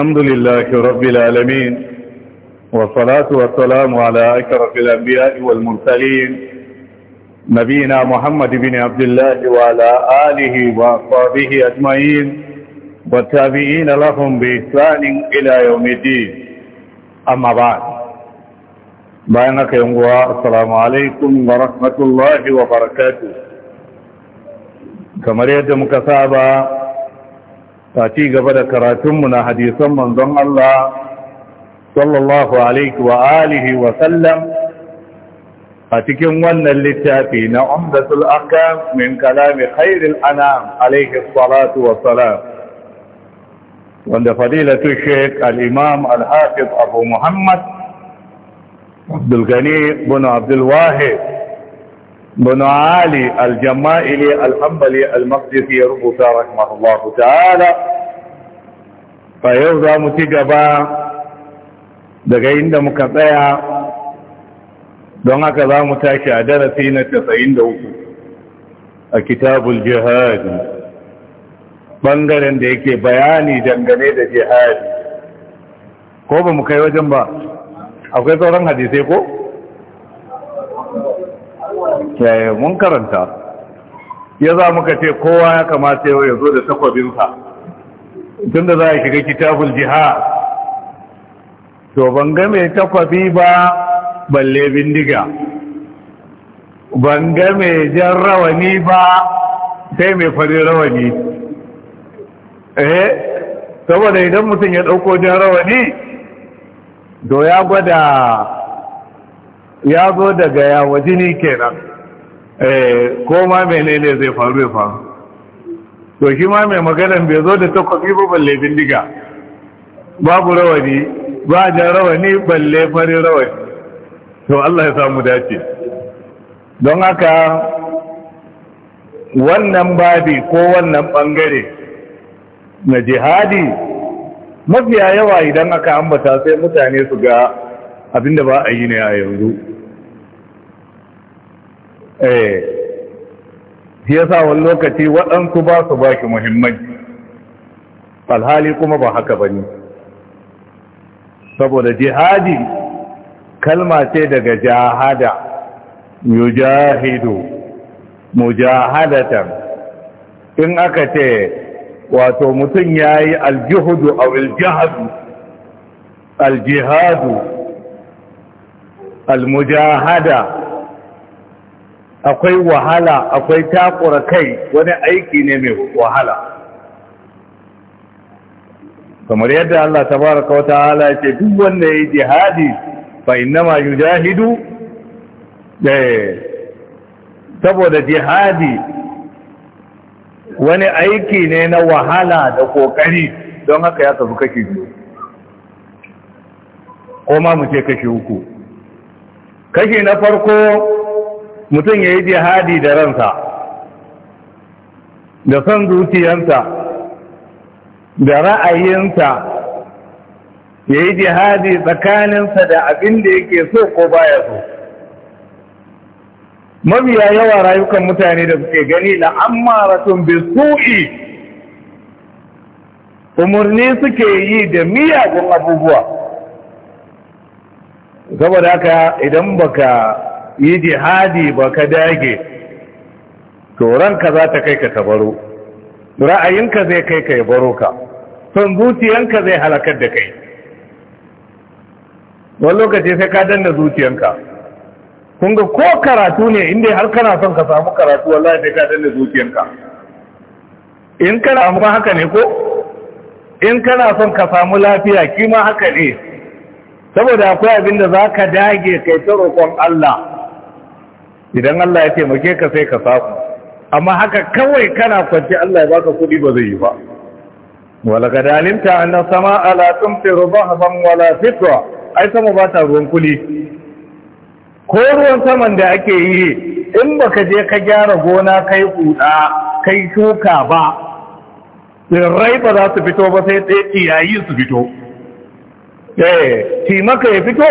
الحمد لله رب العالمين والصلاة والسلام على أشرف الأنبياء والمرسلين نبينا محمد بن عبد الله وعلى آله وأصحابه أجمعين والتابعين لهم بإحسان إلى يوم الدين أما بعد بينك يوم السلام عليكم ورحمة الله وبركاته كما يدمك سابا ta ci gaba da karatunmu na hadisan manzon Allah sallallahu alaihi wa alihi wa sallam a cikin wannan littafi na umdatul akam min kalami khairil anam alaihi salatu wa salam wanda fadilatu sheik al-imam al-hafiz abu muhammad abdul gani bin abdul wahid bin ali al-jama'ili al-hanbali ya rubuta rahimahullahu ta'ala A yau za mu ci gaba daga inda muka tsaya don haka za mu tashi a darasi na 93 a kitabul jihadi ɓangaren da yake bayani dangane da jihadi ko ba mu kai wajen ba akwai sauran hadisai ko? yaya mun karanta ya za muka ce kowa ya kamata yau ya zo da takwabinsa tun da za a shiga kitabul jihar to ban ga mai takwabi ba balle bindiga ban ga mai jan rawani ba sai mai fari rawani eh saboda idan mutum ya ɗauko jan rawani to ya gwada ya zo daga yawa jini kenan Eh, ko ma menene zai faru ya faru to shi ma mai maganar bai zo da takwafi ba balle bindiga babu rawani ba da rawani balle farin rawani to Allah ya samu dace don haka wannan babi ko wannan bangare na jihadi mafiya yawa idan aka ambata sai mutane su ga abinda ba a yi ne a yanzu eh ya yasa wani lokaci waɗansu ba su baki muhimmanci alhali kuma ba haka ba ne saboda jihadi kalma ce daga jahada yujahidu mujahadatan in aka ce wato mutum ya yi aljihudu a aljihadu aljihadu almujahada akwai wahala akwai takura kai wani aiki ne mai wahala kamar yadda Allah tabaraka wa ta'ala ya ce duk wanda ya yi jihadi fa innama yujahidu eh, saboda jihadi wani aiki ne na wahala da kokari don haka ya tafi kashi biyu ko ma mu ce kashi uku kashi na farko mutum ya yi jihadi da ransa da son zuciyarsa da ra'ayinsa ya yi jihadi tsakaninsa da abin da yake so ko baya so mabiya yawa rayukan mutane da suke gani la'ammaratun bi su'i umarni suke yi da miyagun abubuwa saboda haka idan baka yi jihadi ba ka dage to za ta kai ka ta baro ra'ayinka zai kai ka ya baro ka son zuciyanka zai halakar da kai wani lokaci sai ka danna zuciyanka kun ga ko karatu ne inda har kana son ka samu karatu wallahi sai ka danna zuciyanka in kana amma haka ne ko in kana son ka samu lafiya kima haka ne saboda akwai abin da za ka dage kai ta roƙon Allah idan Allah ya ce taimake ka sai ka samu amma haka kawai kana kwanci Allah ya baka kudi ba zai yi ba wala ga dalimta anna sama'a la tumtiru wala fitra ai sama ba ta ruwan kuli ko ruwan saman da ake yi in baka je ka gyara gona kai kuda kai shuka ba tsirrai ba za su fito ba sai tsaye yayi su fito eh maka ya fito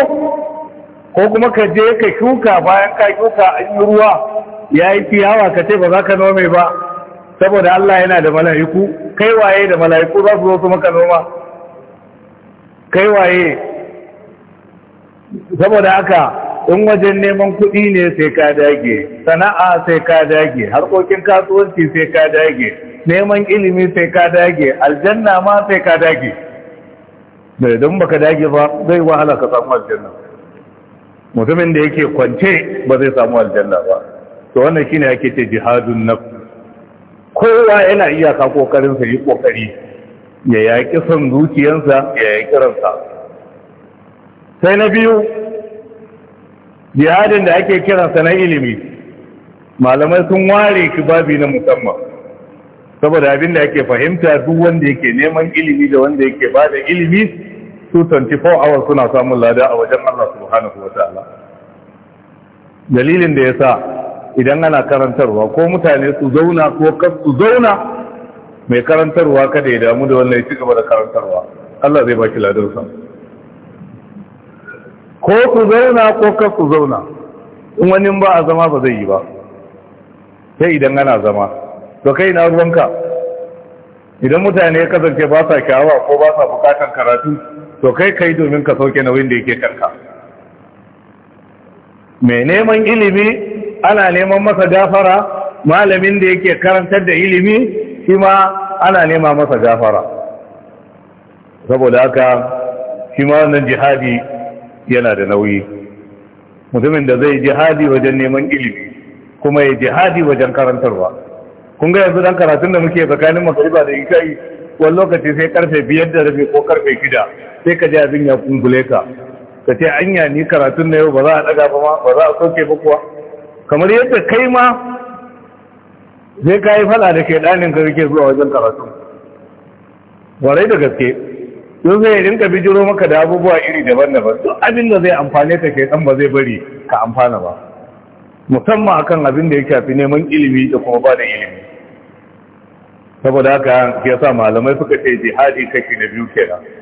ko kuma ka je ka shuka bayan ka shuka an yi ruwa ya yi fiyawa ka ce ba za ka nome ba saboda Allah yana da mala'iku kai waye da mala'iku za su zo su maka noma kai waye saboda haka in wajen neman kuɗi ne sai ka dage sana'a sai ka dage harkokin kasuwanci sai ka dage neman ilimi sai ka dage aljanna ma sai ka dage ba baka dage ba zai wahala ka samu aljanna mutumin da yake kwance ba zai samu aljanna ba to wannan shine ake ce jihadun nafs kowa yana iyaka kokarin sa yi kokari ya yaki son zuciyarsa ya yaki ransa sai na biyu jihadin da ake kiransa na ilimi malamai sun ware shi babi na musamman saboda abin da ake fahimta duk wanda yake neman ilimi da wanda yake bada ilimi su 24 hours suna samun lada a wajen Allah subhanahu wataala dalilin da yasa idan ana karantarwa ko mutane su zauna ko kan su zauna mai karantarwa kada ya damu da wannan ya ci gaba da karantarwa Allah zai baki ladansa ko ku zauna ko kan ku zauna in wani ba a zama ba zai yi ba sai idan ana zama to kai na ruwanka idan mutane ya kasance ba sa kyawa ko ba sa bukatar karatu to kai kai domin ka sauke nauyin da yake karka mai neman ilimi ana neman masa gafara malamin da yake karantar da ilimi shi ma ana nema masa gafara saboda haka shi ma wannan jihadi yana da nauyi mutumin da zai jihadi wajen neman ilimi kuma ya jihadi wajen karantarwa kun ga yanzu dan karatun da muke tsakanin makariba da yi kai wani lokaci sai karfe biyar da rabi ko karfe gida. sai ka ji abin ya kungule ka ka ce anya ni karatun na yau ba za a daga ba ma ba za a soke ba kuwa kamar yadda kai ma zai ka yi fada da shaidanin ka rike zuwa wajen karatu warai da gaske yau zai rinka bijiro maka da abubuwa iri daban-daban duk abin da zai amfane ka ke ɗan ba zai bari ka amfana ba musamman akan abin da ya shafi neman ilimi da kuma ba da ilimi saboda haka ya sa malamai suka ce jihadi kashi na biyu kenan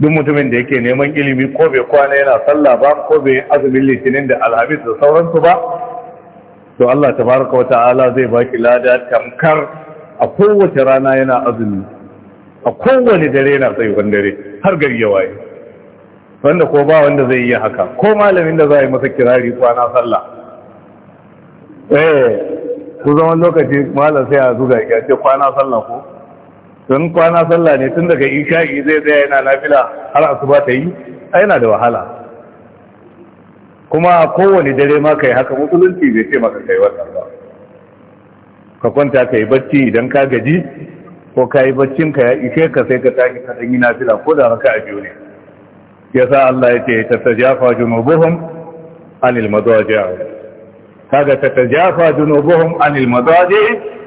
duk mutumin da yake neman ilimi ko bai kwana yana sallah ba ko bai azumin litinin da alhamis da sauransu ba to Allah tabaraka wa ta'ala zai baki lada tamkar a kowace rana yana azumi a kowane dare yana wani dare har gari ya waye wanda ko ba wanda zai yi haka ko malamin da za a yi masa kirari kwana sallah eh ku zaman lokaci malam sai a zuga ya ce kwana sallah ko don kwana sallah ne tun daga isha'i zai tsaya yana nafila har asuba ta yi yana da wahala kuma kowane dare ma kai haka musulunci bai ce maka kai wannan ba ka kwanta ka yi bacci idan ka gaji ko ka yi baccin ka ya ishe ka sai ka tashi ka yi nafila ko da raka a biyu ne ya sa Allah ya ce ta tajafa junubuhum anil madaji kaga ta tajafa junubuhum anil madaji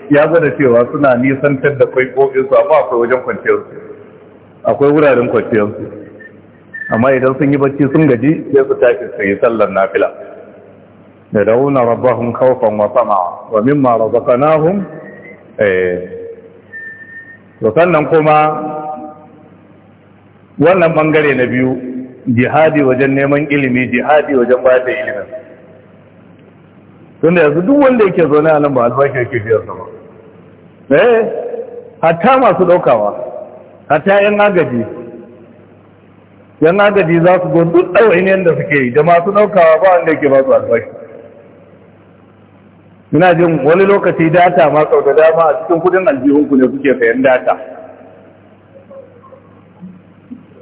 ya zana cewa suna nisantar da kwaikwafinsu amma akwai wajen kwanciyarsu akwai wuraren kwanciyarsu amma idan sun yi bacci sun gaji sai su tafi su yi sallar nafila da dauna rabbahum khawfan wa tama'a wa mimma razaqnahum eh to sannan kuma wannan bangare na biyu jihadi wajen neman ilimi jihadi wajen bayar da ilimin tunda yanzu duk wanda yake zaune a nan ba albashi yake biyar da ba eh hatta masu ɗaukawa? hatta yan agaji yan agaji za su go duk ɗawainiyar da suke yi da masu ɗaukawa ba wanda yake ba su albashi ina jin wani lokaci data ma sau da dama a cikin kudin aljihunku ne kuke sayan data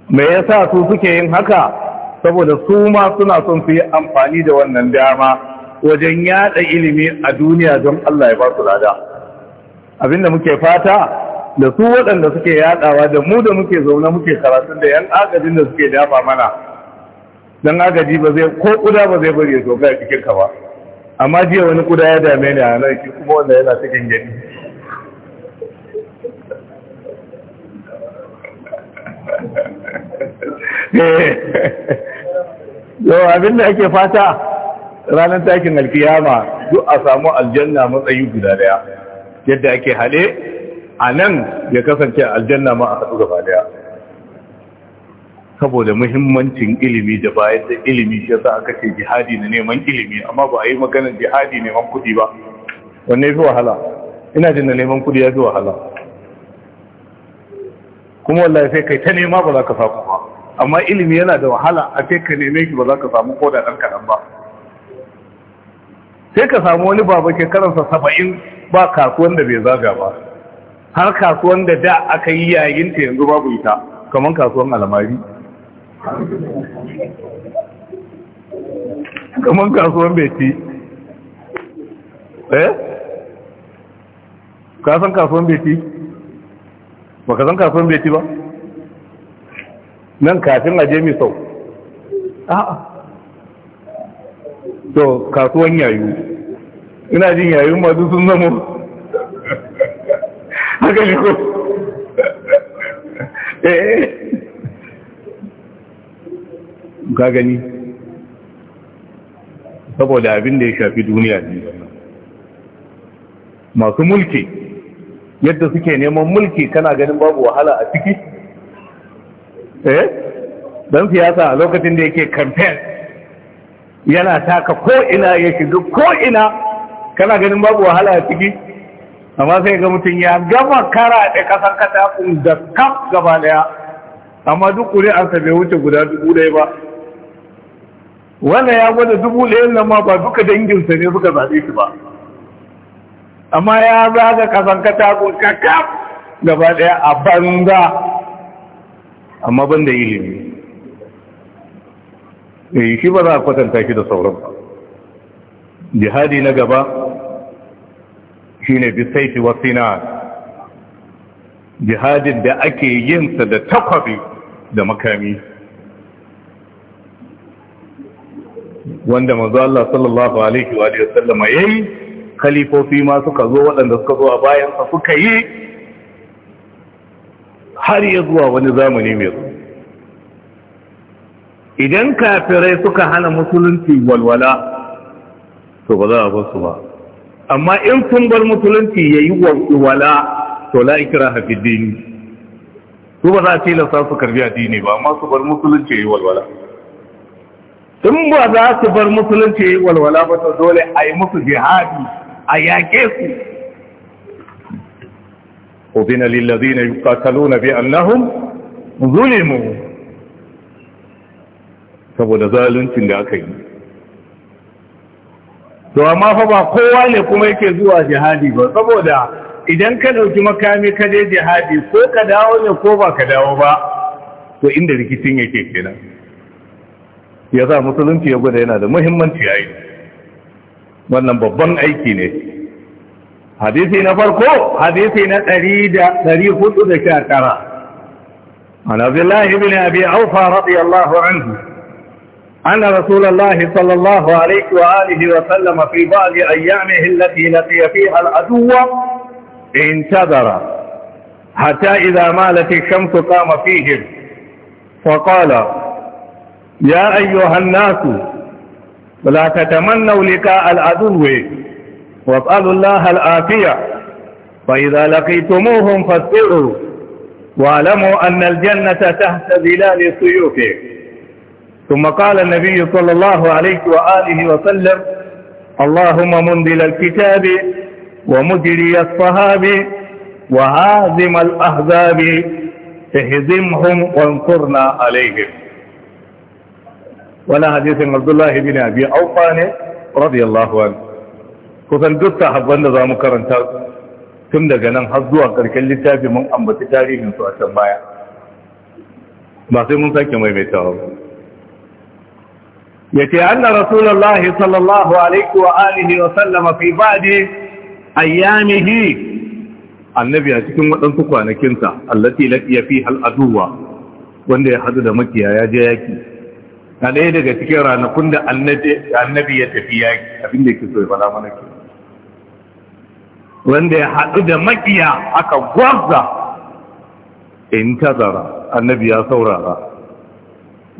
me yasa su suke yin haka saboda su ma suna son su yi amfani da wannan dama wajen yada ilimi a duniya don Allah ya ba su lada abinda muke fata da su waɗanda suke yadawa da mu da muke zaune muke karatun da yan agajin da suke dafa mana don agaji ba zai ko kuda ba zai bari ya zo ga cikin ka ba amma jiya wani kuda ya dame ni a nan shi kuma wanda yana cikin gani eh. yau abinda ake fata ranar takin alkiyama duk a samu aljanna matsayi guda daya yadda ake haɗe a nan ya kasance aljanna ma a haɗu gaba daya saboda muhimmancin ilimi da bayan da ilimi shi yasa aka ce jihadi na neman ilimi amma ba a yi maganar jihadi neman kuɗi ba wanne ya fi wahala ina jin da neman kuɗi ya fi wahala kuma wallahi sai kai ta nema ba za ka samu ba amma ilimi yana da wahala a kai ka neme shi ba za ka samu ko da ɗan kaɗan ba sai ka samu wani baba karansa saba'in ba kasuwan da bai zaga ba har kasuwan da da aka yi yayin ta yanzu babu ita kamar kasuwan alamari kamar kasuwan beti eh ka san kasuwan beti ba ka san kasuwan beti ba nan kafin aje mai sau a'a to kasuwan yayu ina jin yayun masu sun zamo haka shi ko eh ka gani saboda abin da ya shafi duniya ne masu mulki yadda suke neman mulki kana ganin babu wahala a ciki eh don siyasa a lokacin da yake campaign yana taka ko ina ya shiga ko ina kana ganin babu wahala a ciki amma sai ga mutum ya gama kara da kasan katakun da kaf gaba daya amma duk ƙuri'arsa bai wuce guda dubu ɗaya ba wannan ya gwada dubu ɗayan nan ma ba duka danginsa ne suka zaɓe shi ba amma ya zaga kasan katakun kaf gaba daya a banza amma ban da ilimi eh shi ba za a kwatanta shi da sauran ba jihadi na gaba shine bisaiti wa sina jihadin da ake yin sa da takwabi da makami wanda manzo Allah sallallahu alaihi wa alihi wasallama yayi khalifofi ma suka zo waɗanda suka zo a bayan sa suka yi har ya zuwa wani zamani mai zuwa idan kafirai suka hana musulunci walwala to ba za a bar su ba amma in sun bar musulunci ya yi walwala to la ikira hafi dini su ba za a ce tilasta su karbi addini ba amma su bar musulunci ya yi walwala in ba za su bar musulunci ya yi walwala ba to dole a yi musu jihadi a yaƙe su أذن للذين يقاتلون بأنهم ظلموا saboda zaluncin da aka yi to amma fa ba kowa ne kuma yake zuwa jihadi ba saboda idan ka dauki makami ka je jihadi ko ka dawo ne ko ba ka dawo ba to inda rikicin yake kenan ya za musulunci ya gwada yana da muhimmanci yayi wannan babban aiki ne hadisi na farko hadisi na da 419 an abdullahi ibn abi aufa radiyallahu anhu أن رسول الله صلى الله عليه وآله وسلم في بعض أيامه التي لقي فيها العدو انتظر حتى إذا مالت الشمس قام فيهم فقال يا أيها الناس لا تتمنوا لقاء العدو واسألوا الله العافية فإذا لقيتموهم فاصبروا واعلموا أن الجنة تحت ظلال سيوفه ثم قال النبي صلى الله عليه وآله وسلم اللهم منزل الكتاب ومجري الصهاب وهازم الأحزاب اهزمهم وانصرنا عليهم ولا حديث عبد الله بن أبي أوفان رضي الله عنه kusan duk sahabban da za mu karanta tun daga nan har zuwa ƙarshen littafi mun ambaci tarihinsu a can baya yace anna rasulullahi sallallahu alaihi wa alihi wa sallama fi ba'di ayyamihi annabi a cikin waɗansu kwanakinsa allati laqiya fi hal wanda ya hadu da makiya ya je yaki na ɗaya daga cikin ranakun da annabi ya tafi yaki abin da yake so ya fara mana ke wanda ya hadu da makiya aka gwarza in tazara annabi ya saurara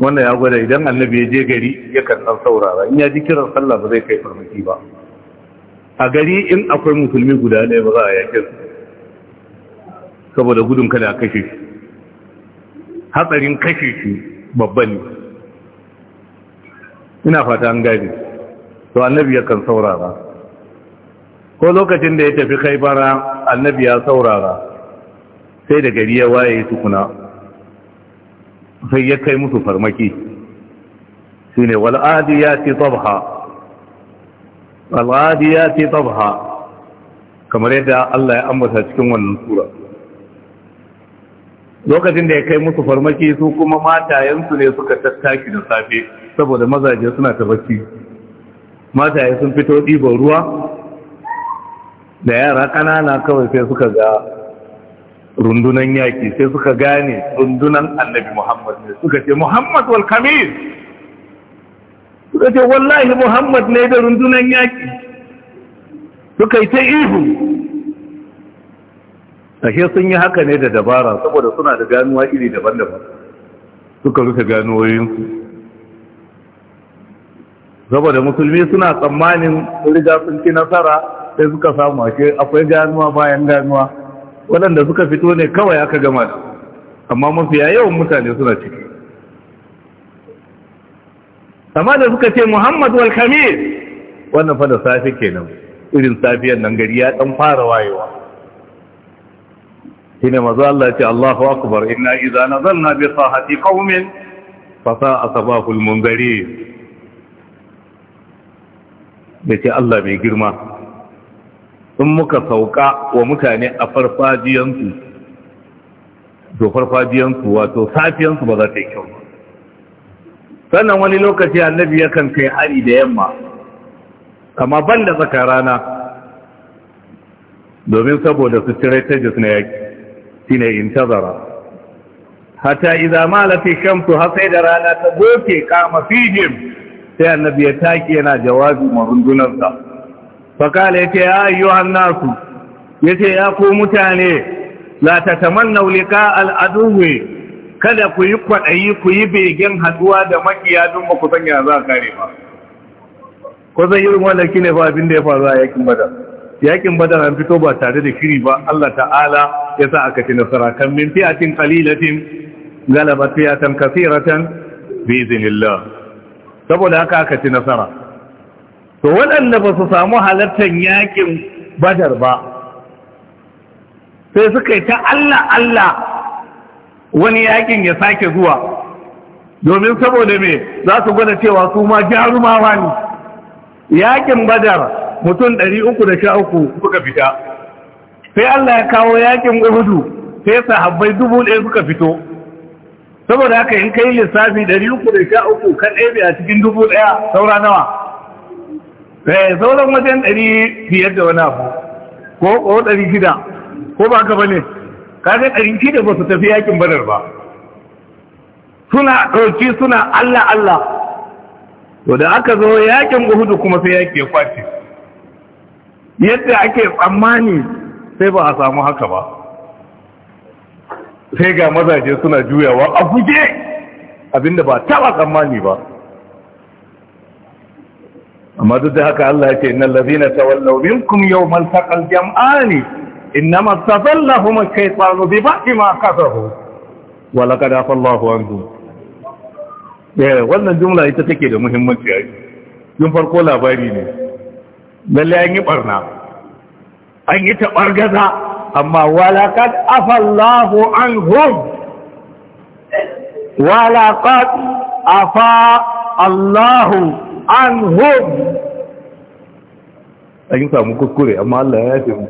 wannan ya gwada idan annabi ya je gari ya karɓar saurara in ya ji kiran sallah ba zai kai farmaki ba a gari in akwai musulmi guda ɗaya ba za a su saboda gudun kada a kashe shi hatsarin kashe shi babban ne ina fata an gaji. to annabi yakan saurara ko lokacin da ya tafi kai bara annabi ya saurara sai da gari ya waye tukuna sai ya kai musu farmaki shine wal adiyati tabha ya adiyati tabha kamar yadda Allah ya ambata cikin wannan tura. lokacin da ya kai musu farmaki su kuma matayensu ne suka tattaki da safe saboda mazaje suna ta mataye sun fito ɗiban ruwa da yara ƙanana kawai sai suka ga rundunan yaƙi sai suka gane rundunan annabi Muhammad ne suka ce Muhammad wal Kamil suka ce wallahi Muhammad ne da rundunan yaƙi suka yi ta ihu ashe sun yi haka ne da dabara saboda suna da ganuwa iri daban-daban suka rufe ganuwoyinsu saboda musulmi suna tsammanin riga sun ci nasara sai suka samu ashe akwai ganuwa bayan ganuwa waɗanda suka fito ne kawai aka gama su amma mafiya yawan mutane suna ciki amma da suka ce Muhammadu wal wannan fa da safi kenan irin safiyar nan gari ya dan fara wayewa Shi ne maza Allah ya ce Allahu akbar na zan na bi sahati qaumin fa sa'a sabahul Ya ce Allah mai girma in muka sauka wa mutane a farfajiyansu to farfajiyansu wato safiyansu ba za ta yi kyau sannan wani lokaci annabi yakan kai hari da yamma kama ban da tsakar rana domin saboda su cire jis na yaki shi ne in tazara. hata iza malafi shamsu har sai da rana ta goke kama fijin, sai annabi ya take yana jawabi marundunarsa fakala ya ce ya ayyuhan nasu ya ce ya ku mutane la ta tamannau liqa al'aduwi kada ku yi kwaɗayi ku yi begen haɗuwa da makiya don ba ku sanya ya a kare ba ko zai irin wannan kine fa abin da ya faru a yakin badar yakin badar an fito ba tare da shiri ba Allah ta'ala ya sa aka ci nasara kan min fi'atin qalilatin galabat fi'atan kathiratan bi idhnillah saboda haka aka ci nasara to waɗanda ba su samu halartar yakin badar ba sai suka yi ta Allah Allah wani yaƙin ya sake zuwa domin saboda me za su gwada cewa su ma jarumawa ne yakin badar mutum ɗari suka fita sai Allah ya kawo yakin uhudu sai sahabbai dubu ɗaya suka fito saboda haka in kai lissafi ɗari uku kan ɗaya a cikin dubu ɗaya saura nawa eh sauran wajen ɗari biyar da wani abu ko ɗari shida ko ba ka bane kaga ɗari shida ba su tafi yakin badar ba suna ɗauki suna Allah Allah to da aka zo yakin uhudu kuma sai yaki ya kwace yadda ake tsammani sai ba a samu haka ba sai ga mazaje suna juyawa a buge, abinda ba taɓa tsammani ba amma duk da haka Allah yake innal ladhina tawallaw minkum yawmal taqal jam'ani innama tadallahum ash-shaytanu bi ba'di ma kafaru wa laqad afa Allahu anhum eh wannan jumla ita take da muhimmanci ai yin farko labari ne lalle an yi barna an yi ta bargaza amma walaqad afa Allahu anhum walaqad afa Allahu anhum an samu kuskure amma Allah ya yafe mu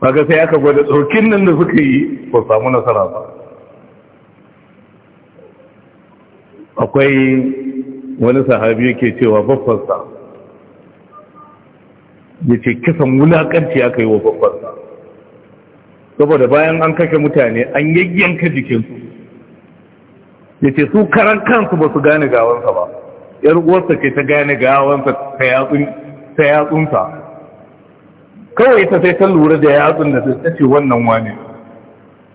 kaga sai aka gwada tsokin nan da suka yi ko samu nasara ba akwai wani sahabi yake cewa babbarsa ya ce kisan wulakanci aka yi wa babbarsa saboda bayan an kashe mutane an yayyanka jikinsu ya ce su karan kansu ba su gane gawansa ba ‘yar uwarsa ce ta gane gawansa ta yatsunsa kawai ta sai ta lura da yatsun da ta ce wannan wane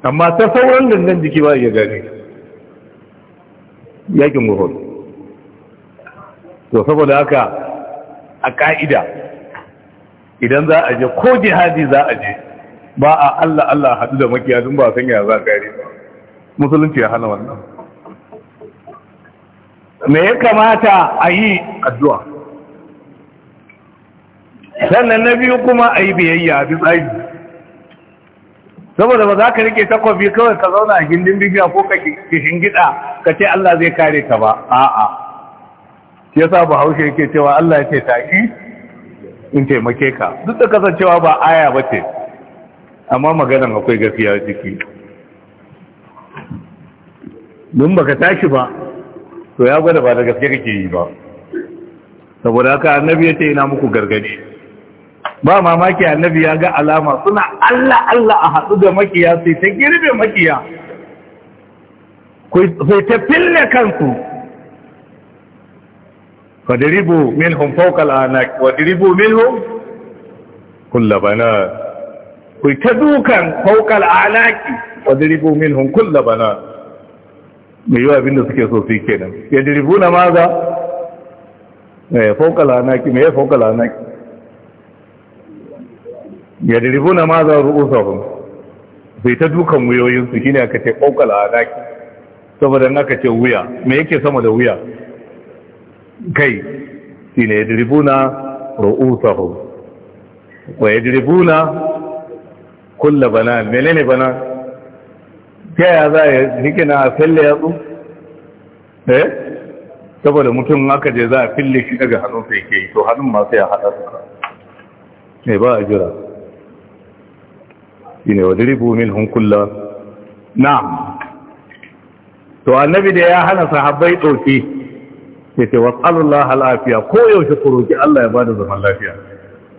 amma ta sauran dangan jiki ba ya gane yakin wuhud to saboda haka a ka'ida idan za a je ko jihadi za a je ba a Allah Allah haɗu da makiyadin ba san ya za a gari ba musulunci ya hana wannan me ya kamata a yi addu'a sannan na biyu kuma a yi biyayya a tsari saboda ba za ka rike takwabi kawai ka zauna a gindin bibiya ko ka gida, ka ce Allah zai kare ka ba a'a ya sa ba haushe yake cewa Allah ya ce taƙi in taimake ka duk da kasancewa ba aya ba ce amma maganan akwai gaskiya ciki don baka tashi ba to ya gwada ba da gaske kake yi ba saboda haka annabi ya ce ina muku gargadi ba mamaki annabi ya ga alama suna Allah Allah a hadu da makiya sai ta girbe makiya sai ta fille kansu fadribu minhum fawqa al-anaq wa dribu minhum kull bana kai ta dukan fawqa al-anaq wa dribu minhum kull bana mai yiwa da suke so su yi kenan eh, ya diribu na maza mai ya fauka lanaki mai ya fauka lanaki ya diribu na maza ru'usahum sai ta dukan wuyoyinsu shine aka ce fauka lanaki saboda in aka ce wuya me yake sama da wuya kai shine ya diribu na ru'usahum wa ya na kulla bana menene bana ta yaya za a hikina a fille yatsu eh saboda mutum aka je za a fille shi daga hannun sai ke yi to hannun masu ya haɗa suka ne ba a jira shi ne wadda ribu min hunkulla Na. to annabi da ya hana sahabbai ɗauki ya ce wasallallah al'afiya ko yaushe ku roki Allah ya bada zaman lafiya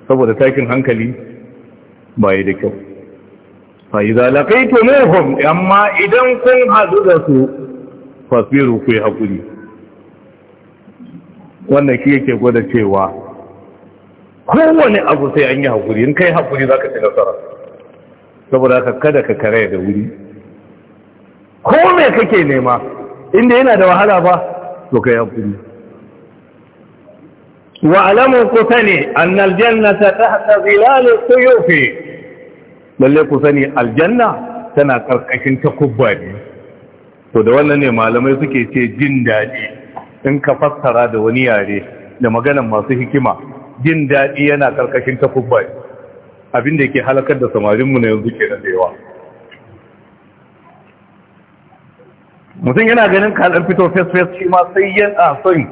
saboda takin hankali ba yi da kyau fa idza laqaytumuhum amma idan kun hadu da su fasiru ku hakuri wannan shi yake gwada cewa kowane abu sai an yi hakuri in kai hakuri zaka ci nasara saboda ka kada ka kare da wuri ko me kake nema inda yana da wahala ba to kai hakuri wa alamu ku sani annal jannata tahta zilalil suyufi lalle ku sani aljanna tana karkashin kubba ne to da wannan ne malamai suke ce jin daɗi in ka fassara da wani yare da maganan masu hikima jin daɗi yana karkashin kubba ne abin da yake halakar da samarinmu na yanzu ke da yawa mutum yana ganin kaɗan fito fesfes shi ma sai a son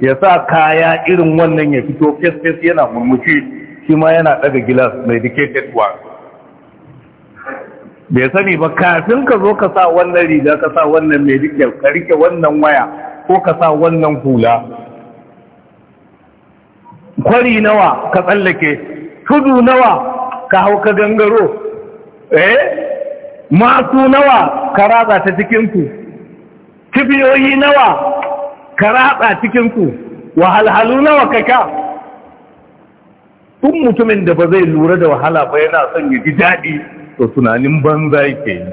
ya sa kaya irin wannan ya fito fesfes yana murmushi shi ma yana ɗaga gilas mai dictated one bai sani ba kafin ka zo ka sa wannan riga ka sa wannan mai rike ka rike wannan waya ko ka sa wannan hula kwari nawa ka tsallake tudu nawa ka hau ka gangaro eh masu nawa ka ratsa ta cikinku kibiyoyi nawa ka ratsa cikinku wahalhalu nawa ka ka tun mutumin da ba zai lura da wahala ba yana son ya ji daɗi to tunanin banza yake yi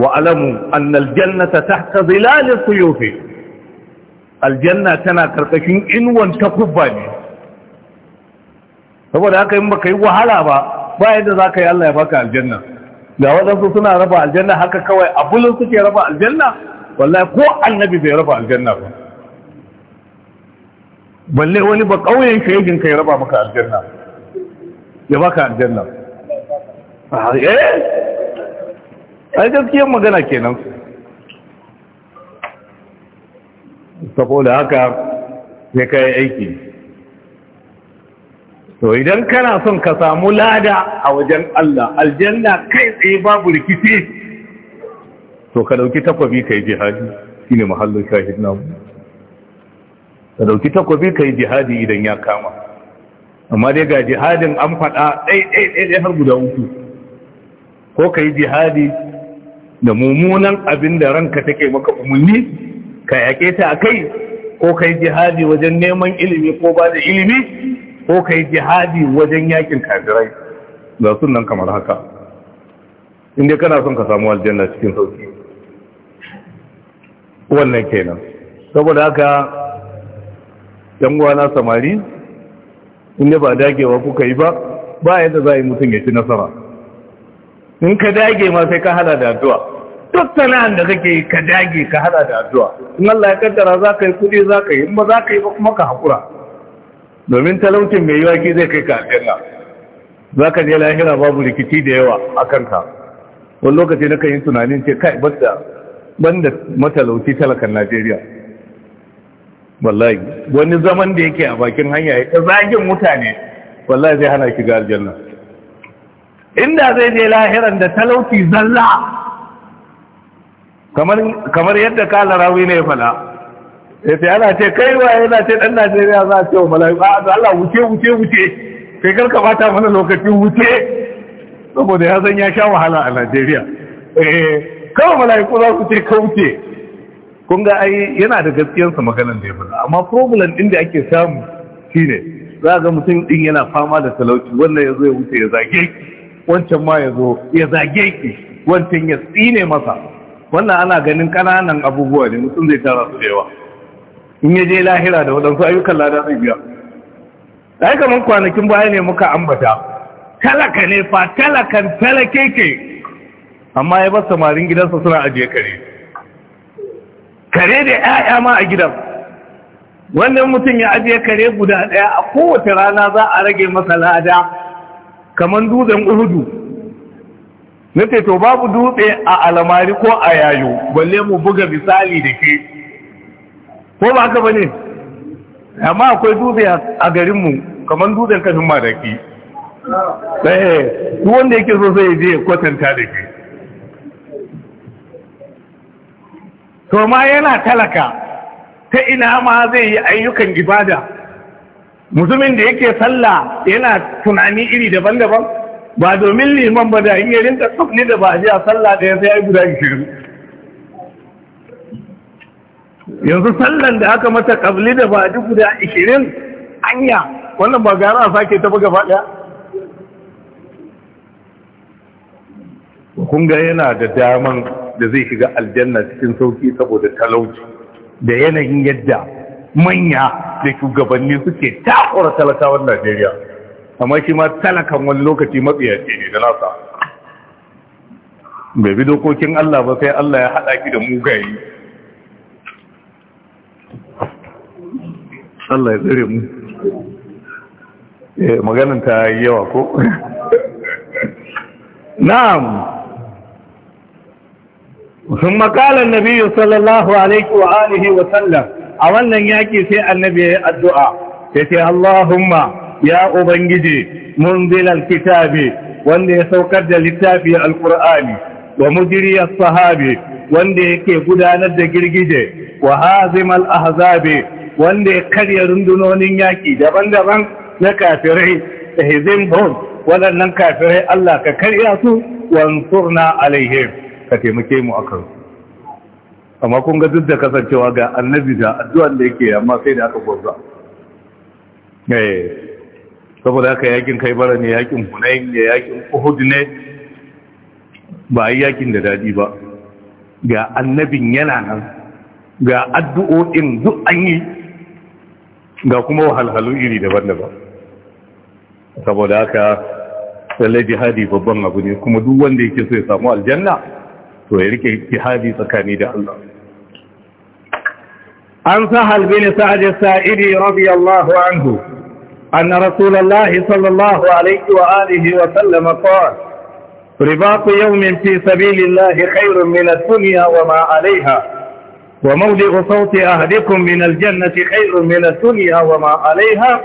wa alamu annal jannata tahta zilalil suyufi aljanna tana karkashin inwan Kubba ne saboda haka in baka yi wahala ba ba yadda zaka yi Allah ya baka aljanna da wadansu suna raba aljanna haka kawai abulun suke raba aljanna wallahi ko annabi bai raba aljanna ba balle wani ba kauyen shegin kai raba maka aljanna ya baka aljanna eh ai gaskiyar magana kenan saboda haka sai ka yi aiki to idan kana son ka samu lada a wajen Allah aljanna kai tsaye babu rikici to ka dauki takwabi yi jihadi shine mahallin shahid namu ka dauki takwabi yi jihadi idan ya kama amma dai ga jihadin an faɗa ɗai ɗai ɗai har guda uku ko ka yi jihadi da mummunan abin da ranka take maka umarni ka yaƙe ta a kai ko ka yi jihadi wajen neman ilimi ko ba da ilimi ko ka yi jihadi wajen yakin kafirai ga nan kamar haka inda kana son ka samu aljanna cikin sauki wannan kenan saboda haka yan uwana samari inda ba dagewa kuka yi ba ba yadda za a yi mutum ya ci nasara in ka dage ma sai ka hada da addu'a duk sana'an da kake yi ka dage ka hada da addu'a in Allah ya kaddara za ka yi kuɗi za ka yi in ba za ka yi ba kuma ka haƙura domin talaucin mai yiwa ki zai kai ka aljanna za ka je lahira babu rikici da yawa a kanka wani lokaci na kan yi tunanin ce kai banda banda matalauci talakan najeriya wallahi wani zaman da yake a bakin hanya ya zagin mutane wallahi zai hana ki ga aljanna inda zai je lahiran da talauci zalla kamar yadda kala rawi ne fala ya ce ana ce kai wa yana ce dan najeriya za a ce wa malayu a wuce wuce wuce kai karka bata mana lokacin wuce saboda ya san ya sha wahala a najeriya eh, kawai malayu za su ce ka wuce kun ga ai yana da gaskiyarsa maganan da ya fara amma problem inda da ake samu shine za ga mutum din yana fama da talauci wannan ya zo ya wuce ya zage wancan ma ya zo ya zage ki wancan ya tsine masa wannan ana ganin ƙananan abubuwa ne mutum zai tara su da yawa in ya je lahira da waɗansu ayyukan lada zai biya da kamar kwanakin baya ne muka ambata talaka ne fa talakan talake ke amma ya bar samarin gidansa suna ajiye kare kare da 'ya'ya ma a gidan wannan mutum ya ajiye kare guda ɗaya a kowace rana za a rage masa lada kaman dutsen uhudu na ce to babu dutse a alamari ko a yayo balle mu buga misali da ke ko ba haka ne? amma akwai dutse a garinmu kamar dutsen kafin maraki ɗaya eh, duk wanda yake so sai je kwatanta da ke to ma yana talaka ta ina ma zai yi ayyukan ibada mutumin da yake sallah yana tunani iri daban-daban ba domin liman ba da in yi rinka tsofni da ba a sallah ɗaya sai ya yi guda shirin yanzu sallan da aka mata kabli da ba guda ishirin anya wannan ba gara a sake tafi gaba ɗaya kunga yana da daman da zai shiga aljanna cikin sauki saboda talauci da yanayin yadda manya da shugabanni suke takura talakawan Najeriya amma shi ma talakan wani lokaci matsiyaci ne da nasa bai bi dokokin Allah ba sai Allah ya haɗa ki da mugaye Allah ya tsare mu eh, maganin ta yi yawa ko na'am ثم قال النبي صلى الله Alihi wa sallam. a wannan yaki sai annabi ya yi addu'a ya ce Allahumma ya ubangiji munzilal kitabi wanda ya saukar da littafi alqur'ani wa mujriyas sahabi wanda yake gudanar da girgije wa hazimal ahzabi wanda ya karya rundunonin yaki daban-daban na kafirai da hizim waɗannan kafirai Allah ka karya su wansurna alaihim ka taimake mu a su amma kun ga duk da kasancewa ga annabi da addu'an da yake amma sai da aka gwarza eh saboda haka yakin bara ne yakin hunain ne yakin uhud ne ba yakin da daɗi ba ga annabin yana nan ga addu'o'in duk an yi ga kuma wahalhalu iri daban-daban saboda haka lallai jihadi babban abu ne kuma duk wanda yake so ya samu aljanna to ya rike jihadi tsakani da Allah عن سهل بن سعد السائدي رضي الله عنه أن رسول الله صلى الله عليه وآله وسلم قال رباط يوم في سبيل الله خير من الدنيا وما عليها وموضع صوت أهلكم من الجنة خير من الدنيا وما عليها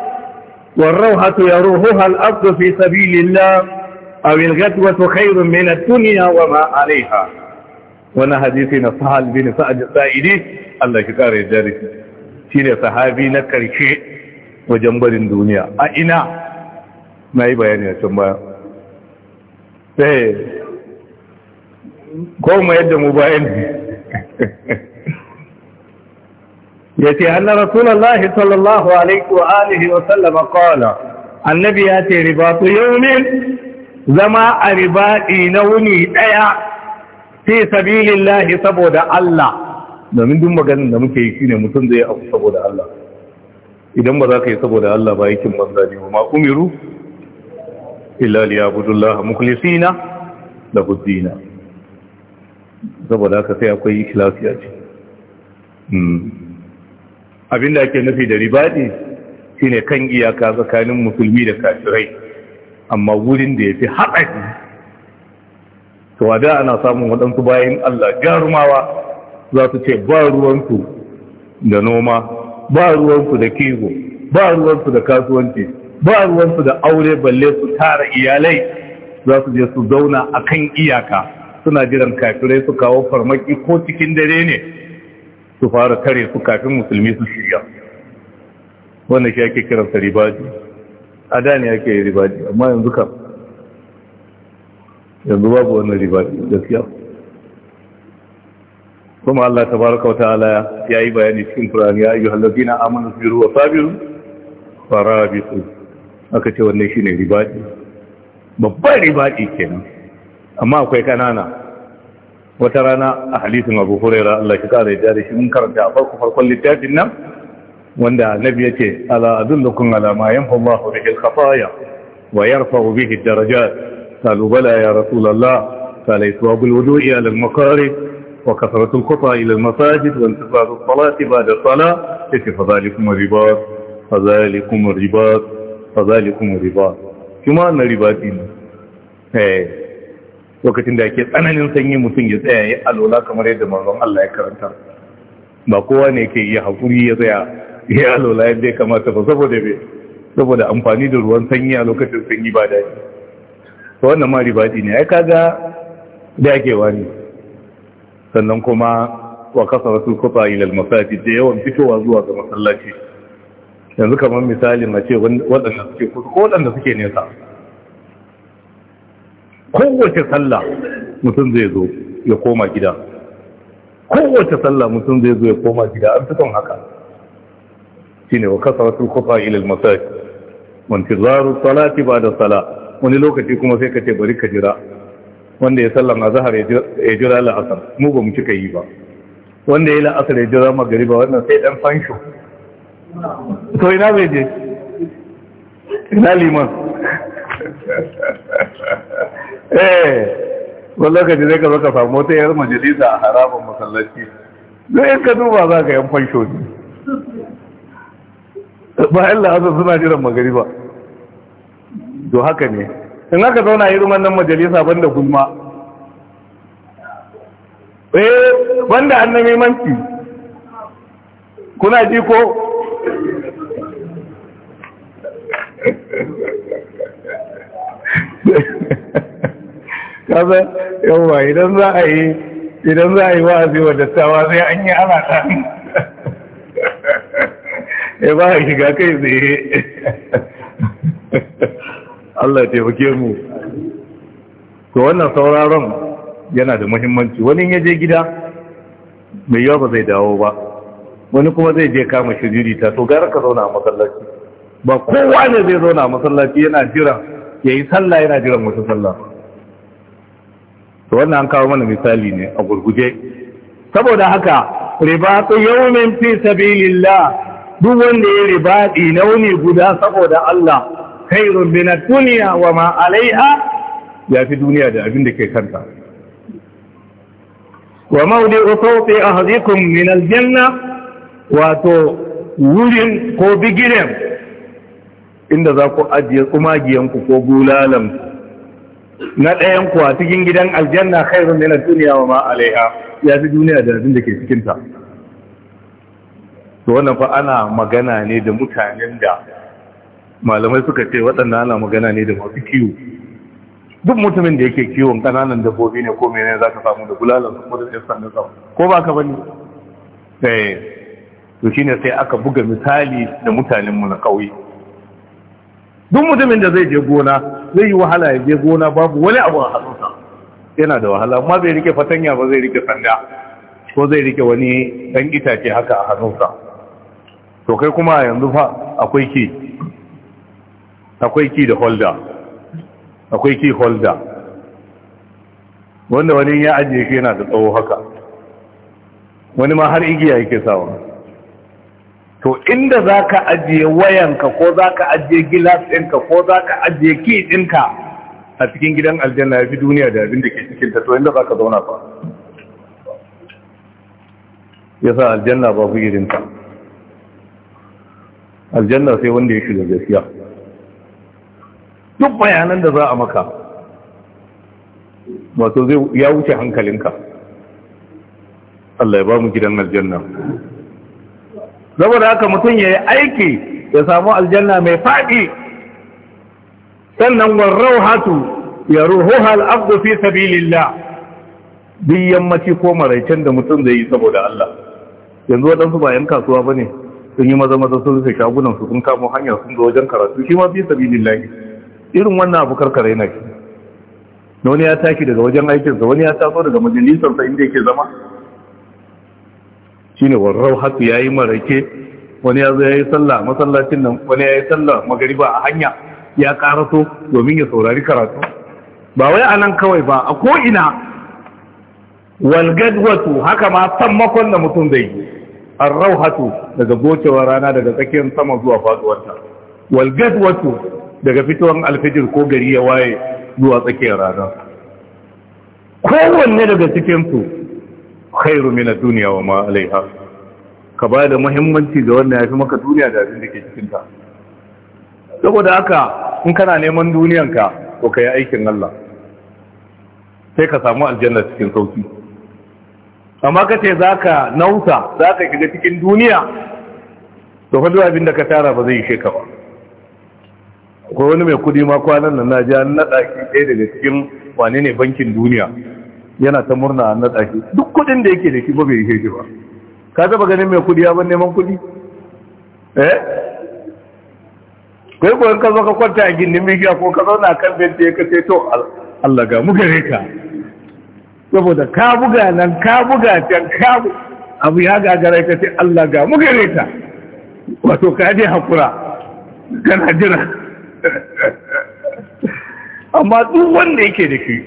والروحة يروحها الأرض في سبيل الله أو الغدوة خير من الدنيا وما عليها ونهديثنا حديثنا صحال بن سعد السائدي Allah shi kare ya shi ne sahabi na karshe wajen barin duniya a ina na yi bayani a can baya sai eh. ko mu yadda mu bayan ya ce na rasulallahi sallallahu alaihi wa alihi wa sallama qala annabi ya ce ribatu yawmin zama a ribaɗi na wuni ɗaya fi sabilillahi saboda Allah domin duk maganin da muke yi shine mutum zai abu saboda Allah idan ba za ka yi saboda Allah ba yakin banza ne ma umiru illa liyabudullah mukhlisina lahu dina saboda haka sai akwai ikhlasi a ce. Hmm. abinda ake nufi da ribadi shine kan iyaka tsakanin musulmi da kafirai amma wurin da yafi haɗari to a da ana samun waɗansu bayan Allah jarumawa za su ce ba ruwanku da noma ba ruwanku da kiwo ba ruwanku da kasuwanci ba ruwanku da aure balle su tara iyalai za su je su zauna a kan iyaka suna jiran kafirai su kawo farmaki ko cikin dare ne su fara kare su kafin musulmi su shirya wannan shi ake kiransa ribaji a da ne ake ribaji amma yanzu kam yanzu babu wannan ribaji gaskiya kuma Allah tabaraka wa ta'ala ya yi bayani cikin Qur'ani ya ayyuhal ladina amanu sabiru wa sabiru farabitu aka ce wannan shine ribadi babban ribadi kenan amma akwai kanana wata rana a hadisin Abu Hurairah Allah ya kare da shi mun karanta a farko farkon littafin nan wanda annabi yace ala adullukum ala ma yanfa Allahu bihi al-khataya wa yarfa'u bihi ad-darajat qalu bala ya rasulullah qala iswabul wudu'i ala al-makarih وكثرة الخطى إلى المساجد وانتظار الصلاة بعد الصلاة فذلكم الرباط فذلكم الرباط فذلكم الرباط كما أن الرباط lokacin da ake tsananin sanyi mutum ya tsaya ya alola kamar yadda manzon Allah ya karanta ba kowa ne ke iya haƙuri ya tsaya ya alola yadda ya kamata ba saboda bai saboda amfani da ruwan sanyi a lokacin sanyi ba da daji wannan ma ribadi ne ya kaga da ake wani sannan kuma wa wasu kufa ila al-masajid da yawan fitowa zuwa ga masallaci yanzu kamar misali na ce waɗanda suke kusa ko waɗanda suke nesa kowace sallah mutum zai zo ya koma gida kowace sallah mutum zai zo ya koma gida an fi son haka ne wa kasaratu kufa ila al-masajid wa intizaru salati da salat wani lokaci kuma sai ka ce bari ka jira wanda ya sallan zahar ya jira la'asar mu ba mu cika yi ba wanda ya yi la'asar ya jira magariba wannan sai dan fansho to ina bai je ina liman eh wani lokaci zai ka zaka samu wata yar majalisa a harabar masallaci zai yanka duba za ka yan fansho ne bayan la'asar suna jiran magariba to haka ne in aka zauna irin wannan majalisa banda gulma eh banda annabi manci kuna ji ko kaza yawa idan za a yi idan za a yi wa'azi wa dattawa sai an yi ana ɗan ya eh, ba a shiga kai tsaye Allah ya taimake mu to wannan sauraron yana da muhimmanci wani ya je gida mai yawa ba zai dawo ba wani kuma zai je kama shiriri ta to gara ka zauna a masallaci ba kowa ne zai zauna a masallaci yana jira ya yi sallah yana jiran wata sallah to wannan an kawo mana misali ne a gurguje saboda haka riba ribatu min fi sabilillah duk wanda ya yi na nauni guda saboda Allah khairun min ad-dunya wa ma 'alayha yafi duniya da abin da ke kanta wa mawdi'u sawti ahdikum min al-janna wato wurin ko bigiren inda za ku ajiye ku ko bulalan na ɗayan ku a cikin gidan aljanna khairun min ad-dunya wa ma 'alayha fi duniya da abin da ke cikin ta to wannan fa ana magana ne da mutanen da malamai suka ce waɗanda ana magana ne da masu kiwo duk mutumin da yake kiwon ƙananan dabbobi ne ko mene za ka samu da bulalar ko da yasa na zama ko ba ka bani? ne eh. to shi ne sai aka buga misali da mutanenmu na ƙauye duk mutumin da zai je gona zai yi wahala ya je gona babu wani abu a hannunsa yana da wahala amma zai rike fatanya ba zai rike sanda ko zai rike wani ɗan itace haka a hannunsa to kai kuma yanzu fa akwai ki akwai key da holder akwai ki holda wanda wani ya ajiye shi yana da tsawo haka wani ma har igiya yake sawa to inda za ka ajiye wayanka ko za ka ajiye gilas ɗinka ko za ka ajiye ki ɗinka a cikin gidan aljanna ya fi duniya da abin da ke cikin ta to inda za ka zauna fa ya sa aljanna ba ku irinta aljanna sai wanda ya shiga gaskiya duk bayanan da za a maka wato zai ya wuce hankalinka Allah ya ba mu gidan aljanna saboda haka mutum ya yi aiki ya samu aljanna mai faɗi sannan warrau hatu ya hal al'abdu fi sabilillah duk yammaci ko maraicen da mutum zai yi saboda Allah yanzu waɗansu ba yan kasuwa ba ne sun yi maza maza sun rufe shagunan su sun kamo hanyar sun zo wajen karatu shi ma fi sabilillah irin wannan abu karkare na wani ya tashi daga wajen aikinsa wani ya taso daga majalisar sa inda yake zama shi ne warrau haka ya yi marake wani ya zo ya yi sallah masallacin nan wani ya yi sallah magariba a hanya ya karato domin ya saurari karatu ba wai a nan kawai ba a ko'ina walgadwatu haka ma sammakon da mutum zai yi an daga gocewar rana daga tsakiyar sama zuwa faduwarta walgadwatu daga fitowar alfijir ko gari ya waye zuwa tsakiyar rana kowanne daga cikinsu khairu mina duniya wa ma alaiha ka ba da muhimmanci ga wannan ya maka duniya da abin da ke cikinta saboda haka in kana neman duniyanka to ka yi aikin Allah sai ka samu aljanna cikin sauki amma ka ce za ka nauta za ka shiga cikin duniya to fa duk abin da ka tara ba zai ishe ka ba akwai wani mai kudi ma kwanan nan na ji an naɗa ki ɗaya daga cikin wane ne bankin duniya yana ta murna an naɗa ki duk kudin da yake da shi ba bai yi shi ba ka taba ganin mai kudi ya ban neman kudi eh kai ko ka zo ka kwanta a gindin mijiya ko ka zauna a kan bente ka sai to Allah ga mu gare ka saboda ka buga nan ka buga can ka abu ya gagara ka sai Allah ga mu gare ka wato ka je hakura kana jira amma duk wanda yake da shi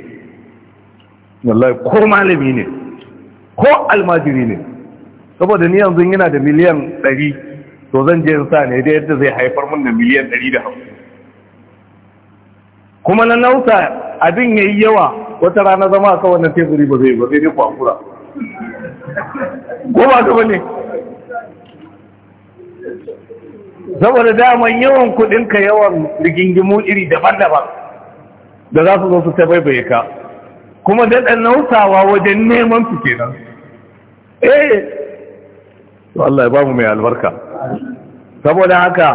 wallahi ko malami ne ko almajiri ne saboda ni yanzu yana da miliyan ɗari, to zan je in sa ne da yadda zai haifar mun da miliyan 150 kuma na nausa abin yayi yawa wata rana zama ka wannan teburi ba zai ba zai ne ku ko ba ka bane saboda daman yawan kudinka yawan rigingimu iri daban-daban da za su zo su tabaibaye ka kuma daɗan nausawa wajen neman su kenan eh to Allah ya ba mu mai albarka saboda haka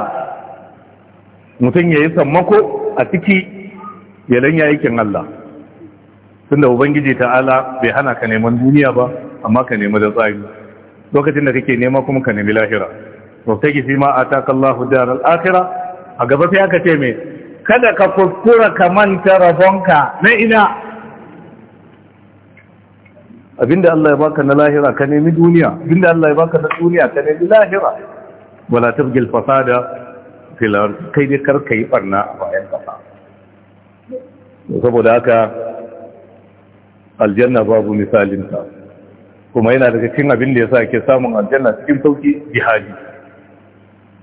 mutum ya yi sammako a ciki ya lanya aikin Allah tunda ubangiji ta'ala bai hana ka neman duniya ba amma ka nemi da tsari lokacin da kake nema kuma ka nemi lahira wabtaki fi ma ataka Allahu daral akhirah a gaba sai aka ce me kada ka kuskura ka manta rabonka na ina abinda Allah ya baka na lahira ka nemi duniya abinda Allah ya baka na duniya ka nemi lahira wala tabgil fasada fil ard kai dai kar kai barna a bayan kasa saboda haka aljanna babu misalin kuma yana daga cikin abin da yasa ake samun aljanna cikin sauki jihadi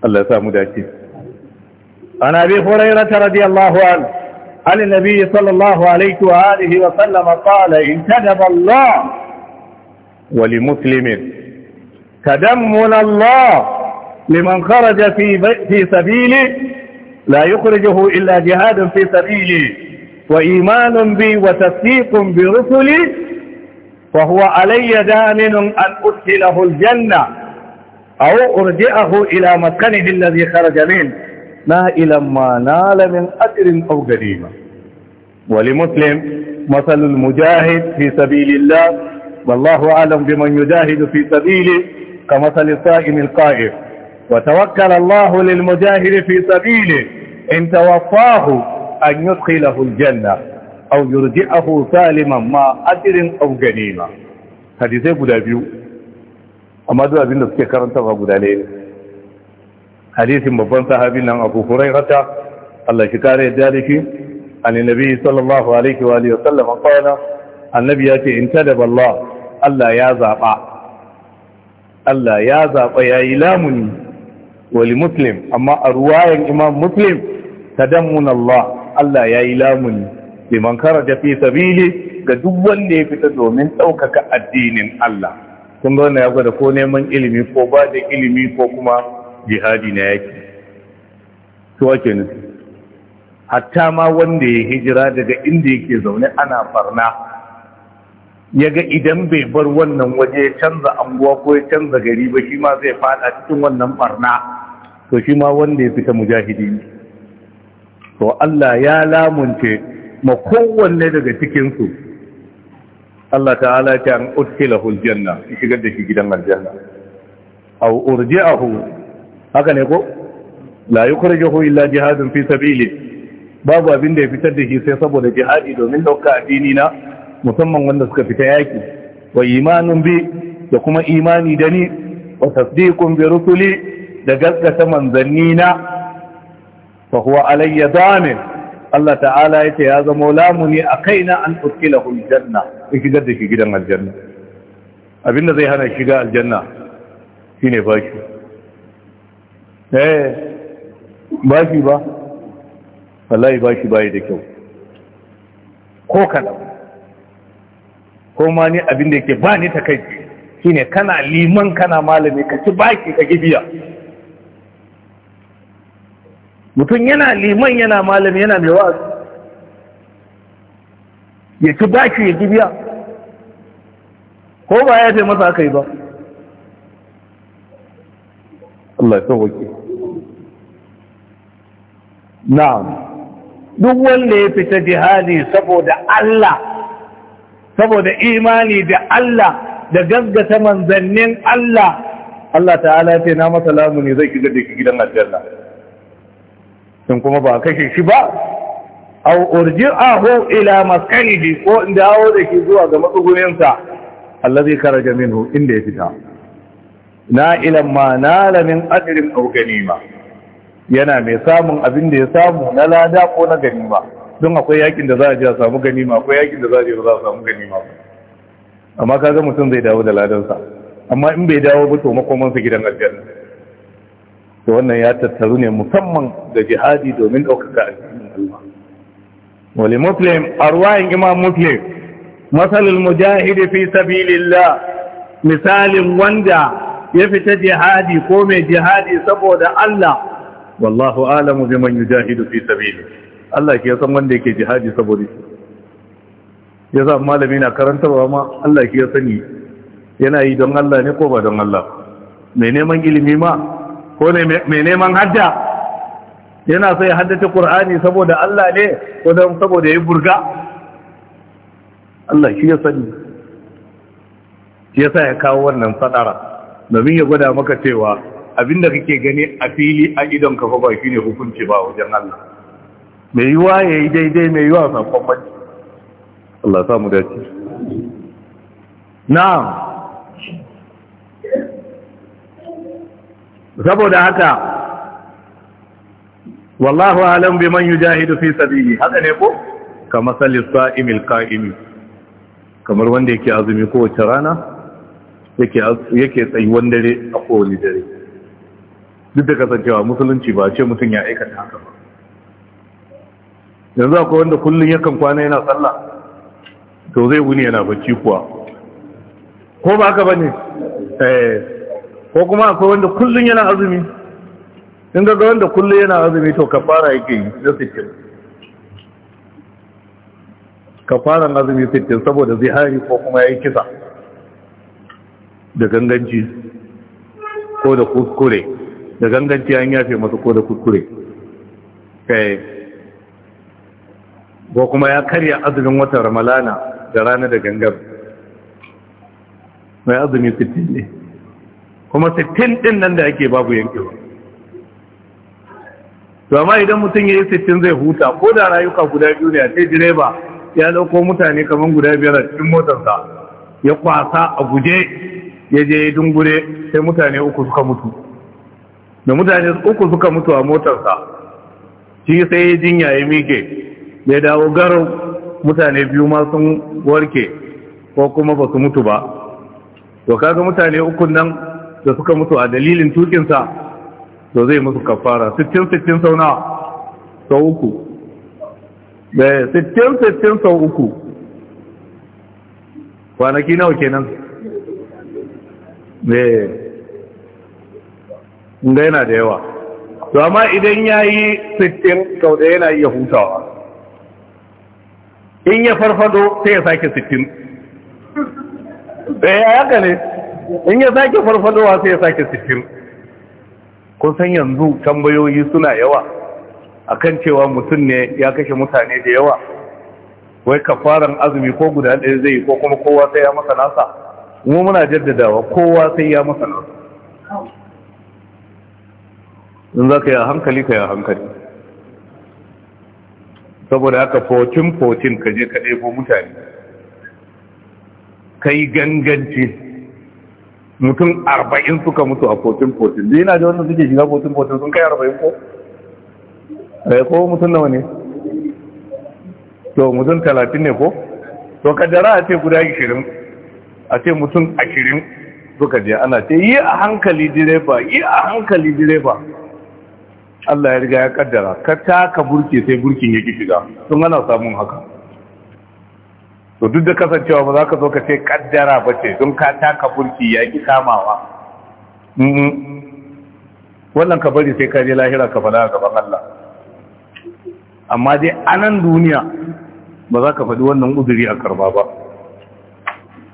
الله ya samu dace أبي abi رضي الله عنه عن النبي صلى الله عليه وآله وسلم قال إن كذب الله ولمسلم تدمن الله لمن خرج في, في سبيله لا يخرجه إلا جهاد في سبيلي وإيمان بي وتصديق برسلي فهو علي دامن أن أدخله الجنة أو أرجعه إلى مكانه الذي خرج منه إلى ما نال من أجر أو جريمة ولمسلم مثل المجاهد في سبيل الله والله أعلم بمن يجاهد في سبيله كمثل الصائم القائم وتوكل الله للمجاهد في سبيله إن توفاه أن يدخله الجنة أو يرجعه سالما ما أجر أو قديمة هذه زي بدا بيو amma duk abin da suke karantarwa guda ne hadisin babban sahabin nan abu hurairata Allah shi kare yadda da shi annabi sallallahu alaihi wa alihi wasallam qala annabi ya ce in tadaba Allah Allah ya zaba Allah ya zaba yayi lamuni wal muslim amma a ruwayan imam muslim tadammun Allah Allah yayi lamuni liman kharaja fi sabili ga duk wanda ya fita domin daukaka addinin Allah kun ga wannan ya gwada ko neman ilimi ko ba da ilimi ko kuma jihadi na yaki to ake nan hatta ma wanda ya hijira daga inda yake zaune ana farna ya ga idan bai bar wannan waje ya canza anguwa ko ya canza gari ba shi ma zai fada cikin wannan barna to shi ma wanda ya fita mujahidi to Allah ya lamunce ma kowanne daga cikinsu Allah ta'ala ya ce an udkhilahu aljanna shigar da shi gidan aljanna aw urji'ahu haka ne ko la yukhrijuhu illa jihadun fi sabili babu abin da ya fitar da shi sai saboda jihadi domin dauka addini na musamman wanda suka fita yaki wa imanun bi da kuma imani da ni wa tasdiqun bi rusuli da gaskata manzanni na fa huwa alayya damin Allah ta'ala yace ya zama lamuni a kaina an udkhilahu aljanna shigar da ke gidan aljanna abinda zai hana shiga aljanna shine bashi eh bashi ba wallahi bashi bai da kyau ko kada ko ma ne abinda yake ba ni takaici shine kana liman kana malami ka ci baki ka gibiya mutum yana liman yana malami yana mai wa'azi ya ci bashi ya biya ko ba ya fi masa aka yi ba Allah ya sauke Na. duk wanda ya fita jihadi saboda Allah saboda imani da Allah da gaggata manzannin Allah Allah ta'ala ya ce na masa lamuni zai shiga da gidan aljanna sun kuma ba kashe shi ba aw urji'ahu ila maskanihi ko in dawo da ke zuwa ga matsuguninsa allazi karaja minhu inda ya fita ila ma nala min ajrin aw ganima yana mai samun abin da ya samu na lada ko na ganima don akwai yakin da za a je a samu ganima akwai yakin da za a je za a samu ganima amma kaga mutum zai dawo da ladansa amma in bai dawo ba to sa gidan aljanna to wannan ya tattaru ne musamman da jihadi domin ɗaukaka cikin Allah ولمسلم أرواي إمام مسلم مثل المجاهد في سبيل الله مثال وندع يفت جهادي قوم جهادي سبود الله والله أعلم بمن يجاهد في سبيله الله كي يسمى وندك جهادي سبود يسمى مالمين أكرنتر وما الله كي يسمى ينأي دون الله نقوبة دون الله mai neman ilimi ma ko ne mai neman hadda yana so ya haddace Qur'ani saboda Allah ne ko dan saboda yayi burga Allah shi ya sani shi yasa ya kawo wannan fadara domin ya gwada maka cewa abinda kake gani a fili a idon ka fa ba shine hukunci ba wajen Allah mai yiwa yayi daidai mai yiwa sakon mace Allah sa mu dace na'am saboda haka wallahu alam bi man yujahidu fi sabili haka ne ko kamar salis sa'imil qa'imi kamar wanda yake azumi ko kowace rana yake yake tsayuwan dare a kowane dare duk da kasancewa musulunci ba ce mutum ya aikata haka ba yanzu akwai wanda kullum yakan kwana yana sallah to zai wuni yana bacci kuwa ko ba haka bane eh ko kuma akwai wanda kullum yana azumi in ga wanda kullum yana azumi to ka fara yake yi da sittin fara azumi sittin saboda zihari ko kuma ya yi kisa da ganganci ko da kuskure da ganganci an yafe masu ko da kuskure kai ko kuma ya karya azumin watan ramalana da rana da gangar mai azumi sittin ne kuma sittin din nan da ake babu yankewa to amma idan mutum ya yi sittin zai huta ko da rayuka guda biyu ne a ce direba ya dauko mutane kamar guda biyar a cikin motarsa ya kwasa a guje ya je ya dungure sai mutane uku suka mutu da mutane uku suka mutu a motarsa shi sai ya jinya ya mike ya dawo garo mutane biyu ma sun warke ko kuma ba su mutu ba to kaga mutane ukun nan da suka mutu a dalilin tukinsa to zai musu kafara sittin sittin sau na sau uku ɗaya eh, sittin sittin sau uku kwanaki nawa kenan ɗaya eh. inda yana da yawa to amma idan ya yi sittin sau ɗaya yana iya hutawa in ya farfado sai ya sake sittin ya eh, yaka ne in ya sake farfadowa sai ya sake sittin kun san yanzu tambayoyi suna yawa A kan cewa mutum ne ya kashe mutane da yawa wai kafaran azumi ko guda ɗaya zai yi ko kuma kowa sai ya masa nasa kuma muna jaddadawa kowa sai ya masa nasa in za ka yi a hankali ka yi a hankali saboda haka 14-14 ka je ka ɗebo mutane ka yi ganganci mutum arba'in suka mutu a fotin da yana da wanda suke shiga fotin sun kai arba'in ko? ɗaya eh, ko mutum nawa ne? to mutum talatin ne ko? to kaddara a ce guda ashirin a ce mutum ashirin suka je ana ce yi a hankali direba yi a hankali direba Allah ya riga ya kaddara ka taka burke sai burkin ya ki shiga sun ana samun haka to duk da kasancewa ba za ka zo ka ce kaddara ba ce don ka taka burki ya ki kamawa wannan ka bari sai ka je lahira ka fada a gaban Allah amma dai anan duniya ba za ka faɗi wannan uzuri a karba ba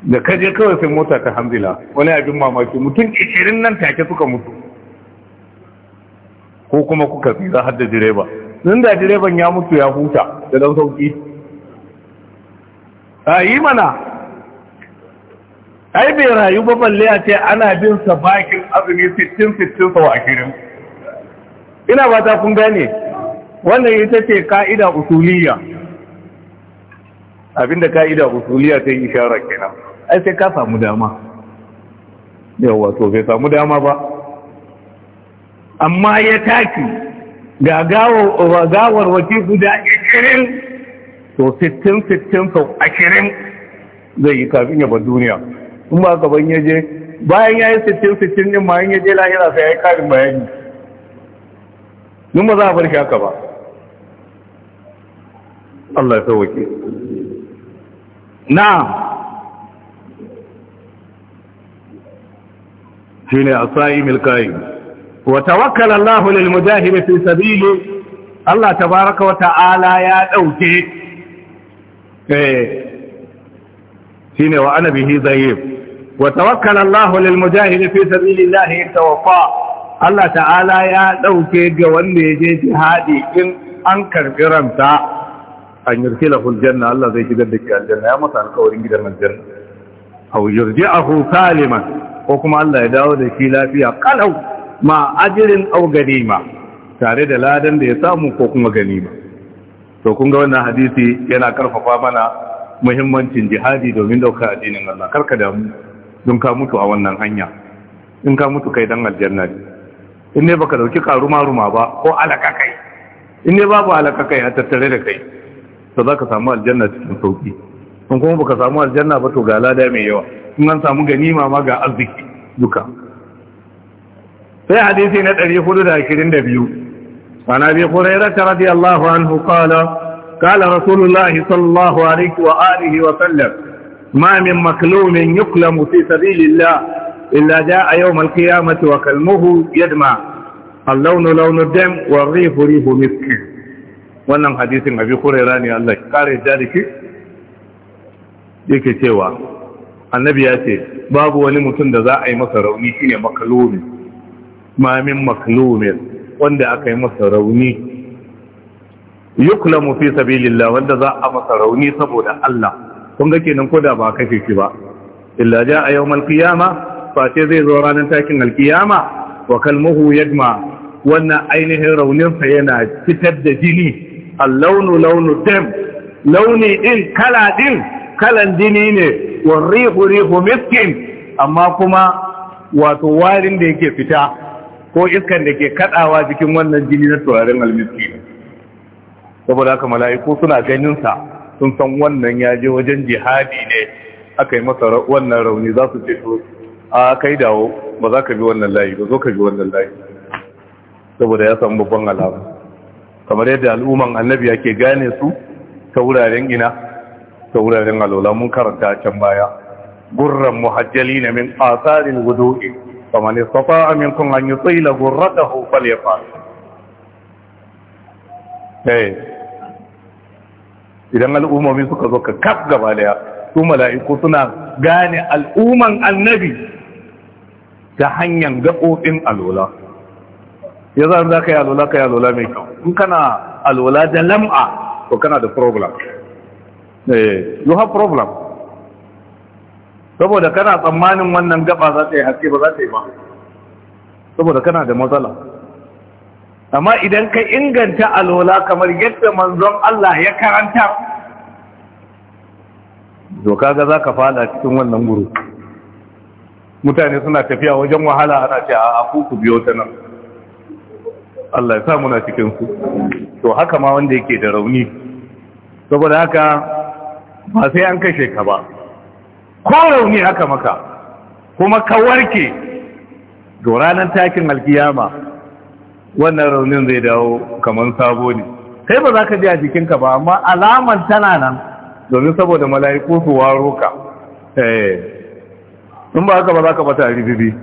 da ka je kawai sai mota ta hamzila wani abin mamaki mutum 20 nan take suka mutu ko kuma kuka tsira har da direba nan da direban ya mutu ya huta da dan sauki a yi mana ai bai rayu ba balle a ce ana bin sa bakin azumi fitin-fitin sau ashirin ina ba ta kun gane wannan ita ce ka'ida usuliya abinda ka'ida usuliya ta yi isharar kenan ai sai ka samu dama yawa to bai samu dama ba amma ya taki ga gawar wakil guda 20 to sittin sittin sau ashirin zai yi kafin ya bar duniya in ba ka ban yaje bayan ya yi sittin sittin din ma in yaje lahira sai ya yi karin bayani in ba za a bar shi haka ba Allah ya sauke na'am shine asaim alqaim wa tawakkala Allahu lil mujahid fi sabili Allah ta baraka wata ala ya dauke eh shine wa ana bihi zayyib wa tawakkala Allah lil mujahid fi sabilillah tawaffa Allah ta'ala ya dauke ga wanda ya je jihadi in an karbi ranta an yurkilahu aljanna Allah zai shigar da shi aljanna ya masa alƙawarin gidan aljanna aw yurji'ahu saliman ko kuma Allah ya dawo da shi lafiya kalau ma ajirin aw ganima tare da ladan da ya samu ko kuma ganima to kun ga wannan hadisi yana karfafa mana muhimmancin jihadi domin dauka addinin Allah karka damu don ka mutu a wannan hanya in ka mutu kai dan aljanna ne in ne baka dauki karuma ruma ba ko alaka kai in ne babu alaka kai a tattare da kai to zaka samu aljanna cikin sauki in kuma baka samu aljanna ba to ga lada mai yawa in an samu ganima ma ga arziki duka sai hadisi na 422 عن أبي هريرة رضي الله عنه قال قال رسول الله صلى الله عليه وآله وسلم ما من مكلوم يكلم في سبيل الله إلا جاء يوم القيامة وكلمه يدمع اللون لون الدم والريف ريف مسك wannan hadisin abi hurairah ne Allah ya kare da dake yake cewa annabi ya ce babu wani mutum da za a yi masa rauni shine makalumi ma min makalumin wanda aka yi masa rauni yuklamu fi sabilillah wanda za a masa rauni saboda Allah kun ga kenan koda ba kashe shi ba illa a yawmal qiyama face zai zo ranar takin alkiyama wa kalmuhu yadma wannan ainihin raunin sa yana fitar da jini allaunu launu dam launi din kala din kalan jini ne wa rihu rihu miskin amma kuma wato warin da yake fita ko iskan da ke kadawa jikin wannan jini na turaren almiski saboda haka mala'iku suna ganin sa sun san wannan ya je wajen jihadi ne aka yi masa wannan rauni za su ce to a kai dawo ba za ka bi wannan layi ba zo ka bi wannan layi saboda ya samu babban alama kamar yadda al'umman annabi yake gane su ta wuraren ina ta wuraren alola mun karanta can baya gurran muhajjali na min asarin wudu'in فمن استطاع منكم أن يطيل غرته فليفعل إيه idan al'ummomi suka zo ka kaf gaba daya su mala'iku suna gane al'umman annabi ta hanyar gaɓoɓin alola ya za za ka yi alola ka yi alola mai kyau in kana alola da lam'a to kana da problem you have problem saboda kana tsammanin wannan gaba za ta yi haske ba za ta yi ba saboda kana da matsala amma idan ka inganta alola kamar yadda manzon Allah ya karanta to kaga za ka fada cikin wannan guru mutane suna tafiya wajen wahala ana ce a ku ku biyo ta nan Allah ya sa muna cikin to haka ma wanda yake da rauni saboda haka ba sai an kashe ka ba ko rauni haka maka kuma ka warke Do ranar takin alkiyama wannan raunin zai dawo kamar sabo ne kai ba za ka ji a jikinka ba amma alaman tana nan domin saboda mala'iku su waro ka eh, in ba haka ba za ka bata ribibi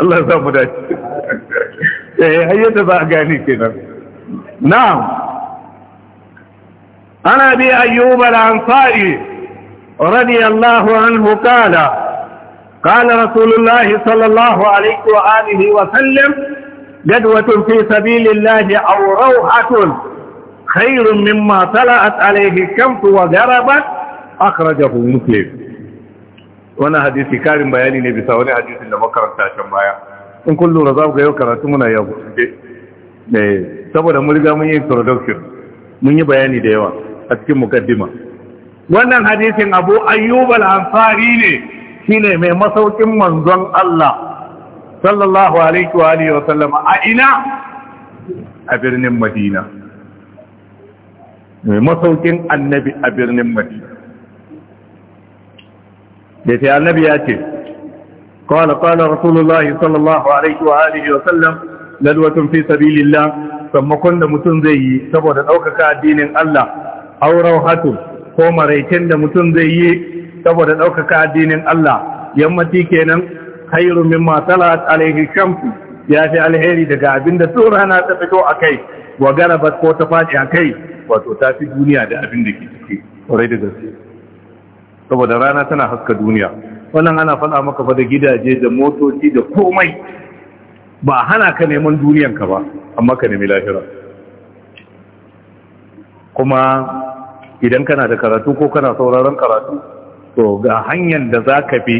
Allah ya samu dace eh hayyata za a gane kenan na'am ana bi ayyuba al-ansari رضي الله عنه قال قال رسول الله صلى الله عليه وآله وسلم جدوة في سبيل الله أو روحة خير مما طلعت عليه الشمس وغربت أخرجه مسلم wannan hadisi karin bayani ne bisa wani hadisin da makaranta can baya in kun lura za ku ga yau karatu muna yau eh, saboda mun riga mun yi introduction mun yi bayani da yawa a cikin mukaddima wannan hadisin abu Ayyubal ayyub ne, shi ne mai masaukin manzon Allah sallallahu alaihi wa alihi wa sallama a ina a birnin Madina mai masaukin annabi a birnin Madina da sai annabi ya ce qala qala rasulullahi sallallahu alaihi wa alihi wa sallam lalwatun fi sabilillah sammakon da mutum zai yi saboda ɗaukaka addinin Allah aurau hatun ko maraitin da mutum zai yi saboda ɗaukaka addinin Allah yammaci kenan khairu mimma talat alaihi shamsu ya fi alheri daga abin da rana ta fito a kai wa garabat ko ta faɗi a kai wato ta fi duniya da abin da ke ciki kwarai da gaske saboda rana tana haska duniya wannan ana faɗa maka fa da gidaje da motoci da komai ba hana ka neman duniyanka ba amma ka nemi lahira kuma idan kana da karatu ko kana sauraron karatu to ga hanyar da za ka fi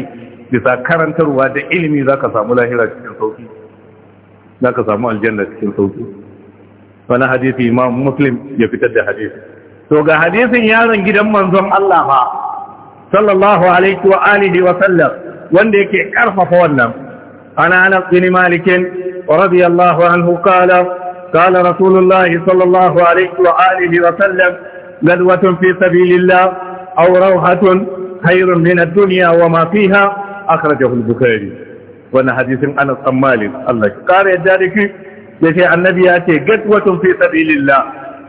bisa karantarwa da ilimi za ka samu lahira cikin sauki za ka samu aljanna cikin sauki wani hadithi imam muslim ya fitar da hadithi. to ga hadithin yaron gidan manzon Allah ba sallallahu alaihi wa alihi wa sallam wanda yake karfafa wannan ana anas bin malik radiyallahu anhu kala qala rasulullahi sallallahu alaihi wa alihi wa sallam غزوة في سبيل الله أو روحة خير من الدنيا وما فيها أخرجه البخاري وانا حديث أنا صمال الله قال يجارك يشي النبي ياتي غزوة في سبيل الله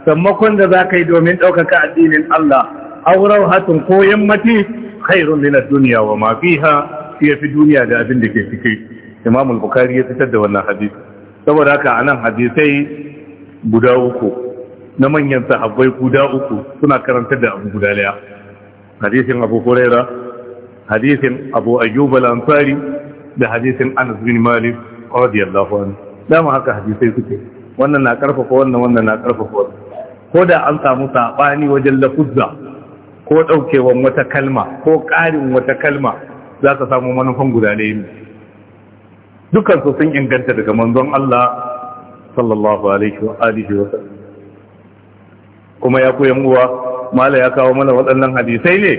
ثم كنت ذاك يدومين أوكك الدين الله أو روحة كو يمتي خير من الدنيا وما فيها هي في الدنيا ده أبن دكي فكي إمام البخاري يتشد وانا حديث saboda haka a nan hadisai guda uku na manyan sahabbai guda uku suna karantar da abu guda daya hadisin abu huraira hadisin abu ayyub al-ansari da hadisin anas bin malik radiyallahu anhu dama haka hadisai suke wannan na karfafa wannan wannan na karfafa wannan ko da an samu sabani wajen lafuzza ko daukewan wata kalma ko karin wata kalma za ka samu manufan guda ɗaya ne su sun inganta daga manzon Allah sallallahu alaihi wa alihi wa sallam kuma ya koyan uwa mala ya kawo mana waɗannan hadisai ne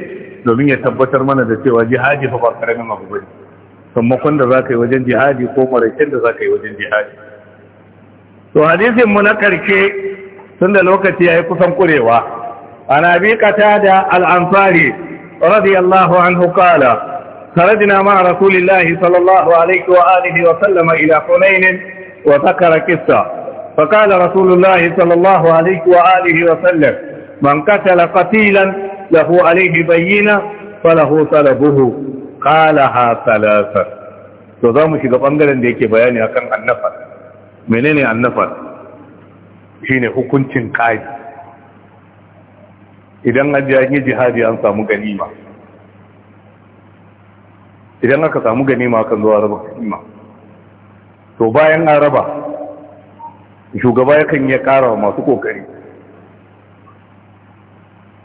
domin ya tabbatar mana da cewa jihadi fa ba karamin abu bane sammakon da zaka yi wajen jihadi ko marakin da zaka yi wajen jihadi to hadisin mu na tun da lokaci yayi kusan kurewa ana bi da al-ansari radiyallahu anhu qala خرجنا مع رسول الله صلى الله عليه وآله وسلم إلى حنين وذكر قصة فقال رسول الله صلى الله عليه وآله وسلم من قتل قتيلا له عليه بينة فله طلبه قالها ثلاثة to za mu shiga ɓangaren da yake bayani akan annafa menene Shi ne hukuncin kai idan an yi jihadi an samu ganima idan aka samu ganima kan zuwa raba ganima to bayan an raba shugaba yakan ya ƙara wa masu ƙoƙari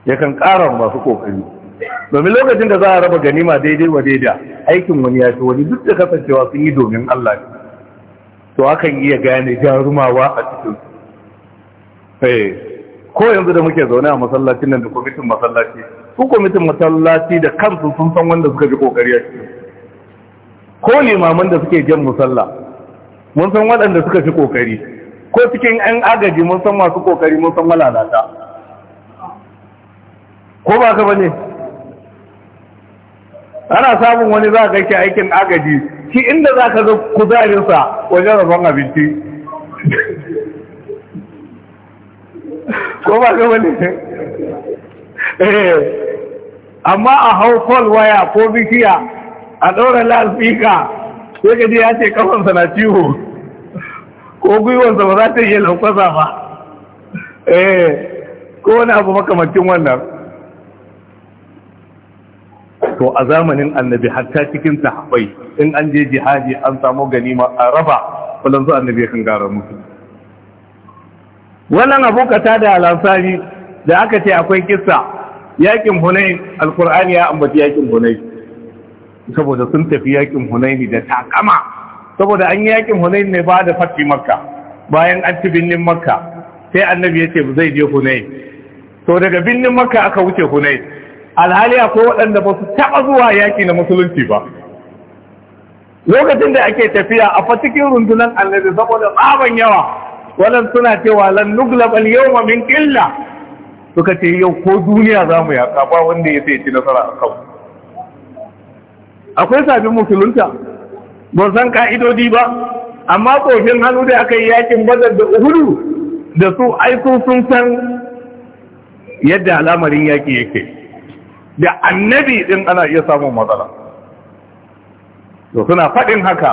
yakan ƙara wa masu ƙoƙari domin lokacin da za a raba ganima daidai wa daida aikin wani ya fi wani duk da kasancewa sun yi domin Allah ne to akan iya gane jarumawa a cikin eh, ko yanzu da muke zaune a masallacin nan da kwamitin masallaci su kwamitin masallaci da kansu sun san wanda suka fi ƙoƙari a cikin ko limaman da suke jan musalla mun san waɗanda suka fi ƙoƙari ko cikin 'yan agaji mun san masu kokari mun san malalata ko ba ka bane ana samun wani za ka ke aikin agaji shi inda za ka zo kuzarinsa wajen rabon abinci ko ba ka bane eh, amma a hau fol waya ko bishiya a ɗaura lalfika sai ka ya ce kafansa na ciwo ko gwiwansa ba za ta iya laukwasa ba eh ko wani abu makamakin wannan to a zamanin annabi hatta cikin sahabbai in an je jihadi an samu ganima a raba kullum su annabi kan gara musu wannan abu kata da alansari da aka ce akwai kissa yakin hunain alkur'ani ya ambaci yakin hunain saboda sun tafi yakin hunaini da takama saboda an yi yakin hunayin ne ba da fatti makka bayan an ci binnin makka sai annabi ya ce zai je hunayin to daga binnin makka aka wuce hunayin alhali akwai waɗanda ba su taɓa zuwa yaƙi na musulunci ba lokacin da ake tafiya a fatikin rundunar annabi saboda tsaban yawa wannan suna cewa lan nuglab al yawma min illa suka ce yau ko duniya za mu yaƙa ba wanda ya sai ci nasara a kan akwai sabin musulunta ban san ka'idodi ba amma kofin hannu da aka yi yakin badar da uhudu da su aiko sun san yadda al'amarin yaki yake da annabi din ana iya samun matsala to suna faɗin haka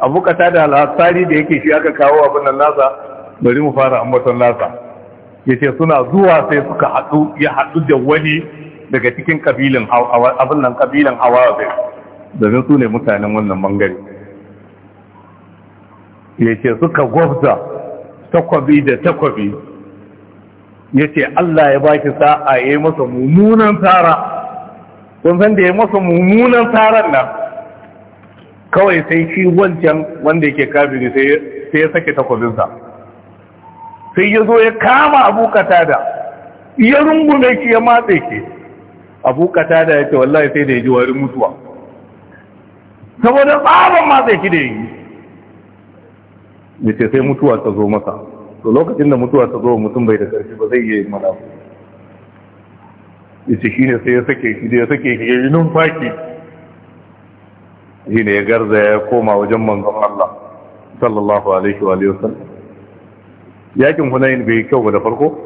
abukata da al'asari da yake shi aka kawo abin nan nasa bari mu fara ambaton nasa yace suna zuwa sai suka haɗu ya haɗu da wani daga cikin kabilin abin nan kabilin hawa domin su ne mutanen wannan bangare yace suka gwabza takwabi da takwabi yace Allah ya baki sa'a yi masa mummunan tsara kun san da yayi masa mummunan tsaran nan kawai sai shi wancan wanda yake kafiri sai ya sake takwabinsa sai ya zo ya kama abokata da ya rungume shi ya matse shi abokata da ya ce wallahi sai da ya ji warin mutuwa saboda tsaban matse shi da yi ya ce sai mutuwa ta zo masa to lokacin da mutuwa ta zo mutum bai da ƙarfi ba zai yi mana ya ce shi ne sai ya sake shi da ya sake shi ya yi numfaki shi ne ya garza ya koma wajen manzon Allah sallallahu alaihi wa wasallam yakin hunayin bai kyau ba da farko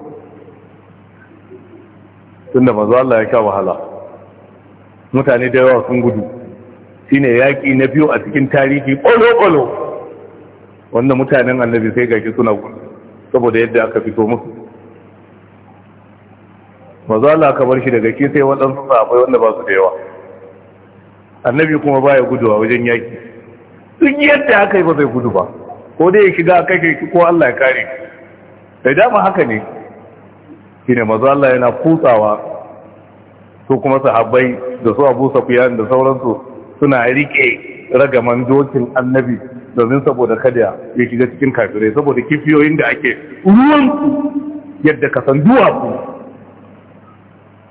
tunda manzo Allah ya sha wahala mutane da yawa sun gudu shine yaki na biyu a cikin tarihi ƙwalo-ƙwalo wanda mutanen annabi sai gashi suna gudu saboda yadda aka fito musu maza Allah bar shi daga ke sai waɗansu sahabbai wanda ba su da yawa annabi kuma baya guduwa wajen yaki duk yadda aka yi ba zai gudu ba ko dai ya shiga aka yi, ko Allah ya kare da dama haka ne shine maza Allah yana kutsawa su kuma sahabbai da su Abu Sufyan da sauransu suna rike ragaman dokin annabi domin saboda kada ya shiga cikin kafirai saboda kifiyoyin da ake ruwanku yadda ka san duwatsu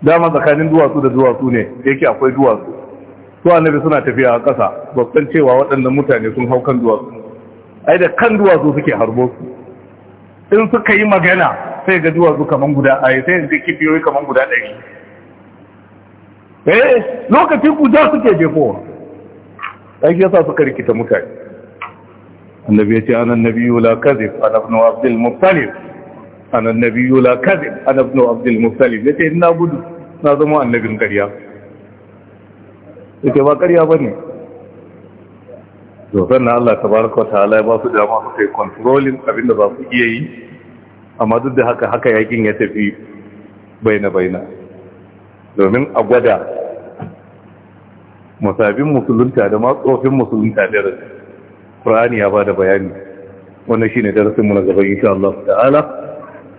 dama tsakanin duwatsu da duwatsu ne yake akwai duwatsu su annabi suna tafiya a ƙasa ba san cewa waɗannan mutane sun hau kan duwatsu ai da kan duwatsu suke harbo su in suka yi magana sai ga duwatsu kaman guda ai sai yanzu kifiyoyi kaman guda ɗari eh lokacin guda suke jefowa ai yasa suka rikita mutane annabi ya ce anan لا كذب انا ابن عبد المطلب انا anan لا كذب انا ابن عبد المطلب يتي yace ina gudu na zama annabin ƙarya yace ba ƙarya bane to sannan Allah tabaraka wa ta'ala ya ba su dama su kai controlling abinda ba su iya yi amma duk da haka haka yakin ya tafi baina baina domin a gwada musabin musulunta da ma tsofin musulunta da Qur'ani ya bada bayani wannan shine darasin mu na gaba insha Allah ta'ala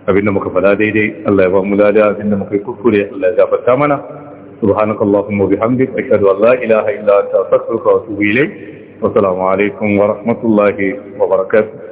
abinda muka fada daidai Allah ya ba mu lada abinda muka yi kuskure Allah ya gafarta mana subhanakallahumma Mubi bihamdik ashhadu an la ilaha illa anta astaghfiruka wa atubu ilayk wa assalamu alaikum wa rahmatullahi wa barakatuh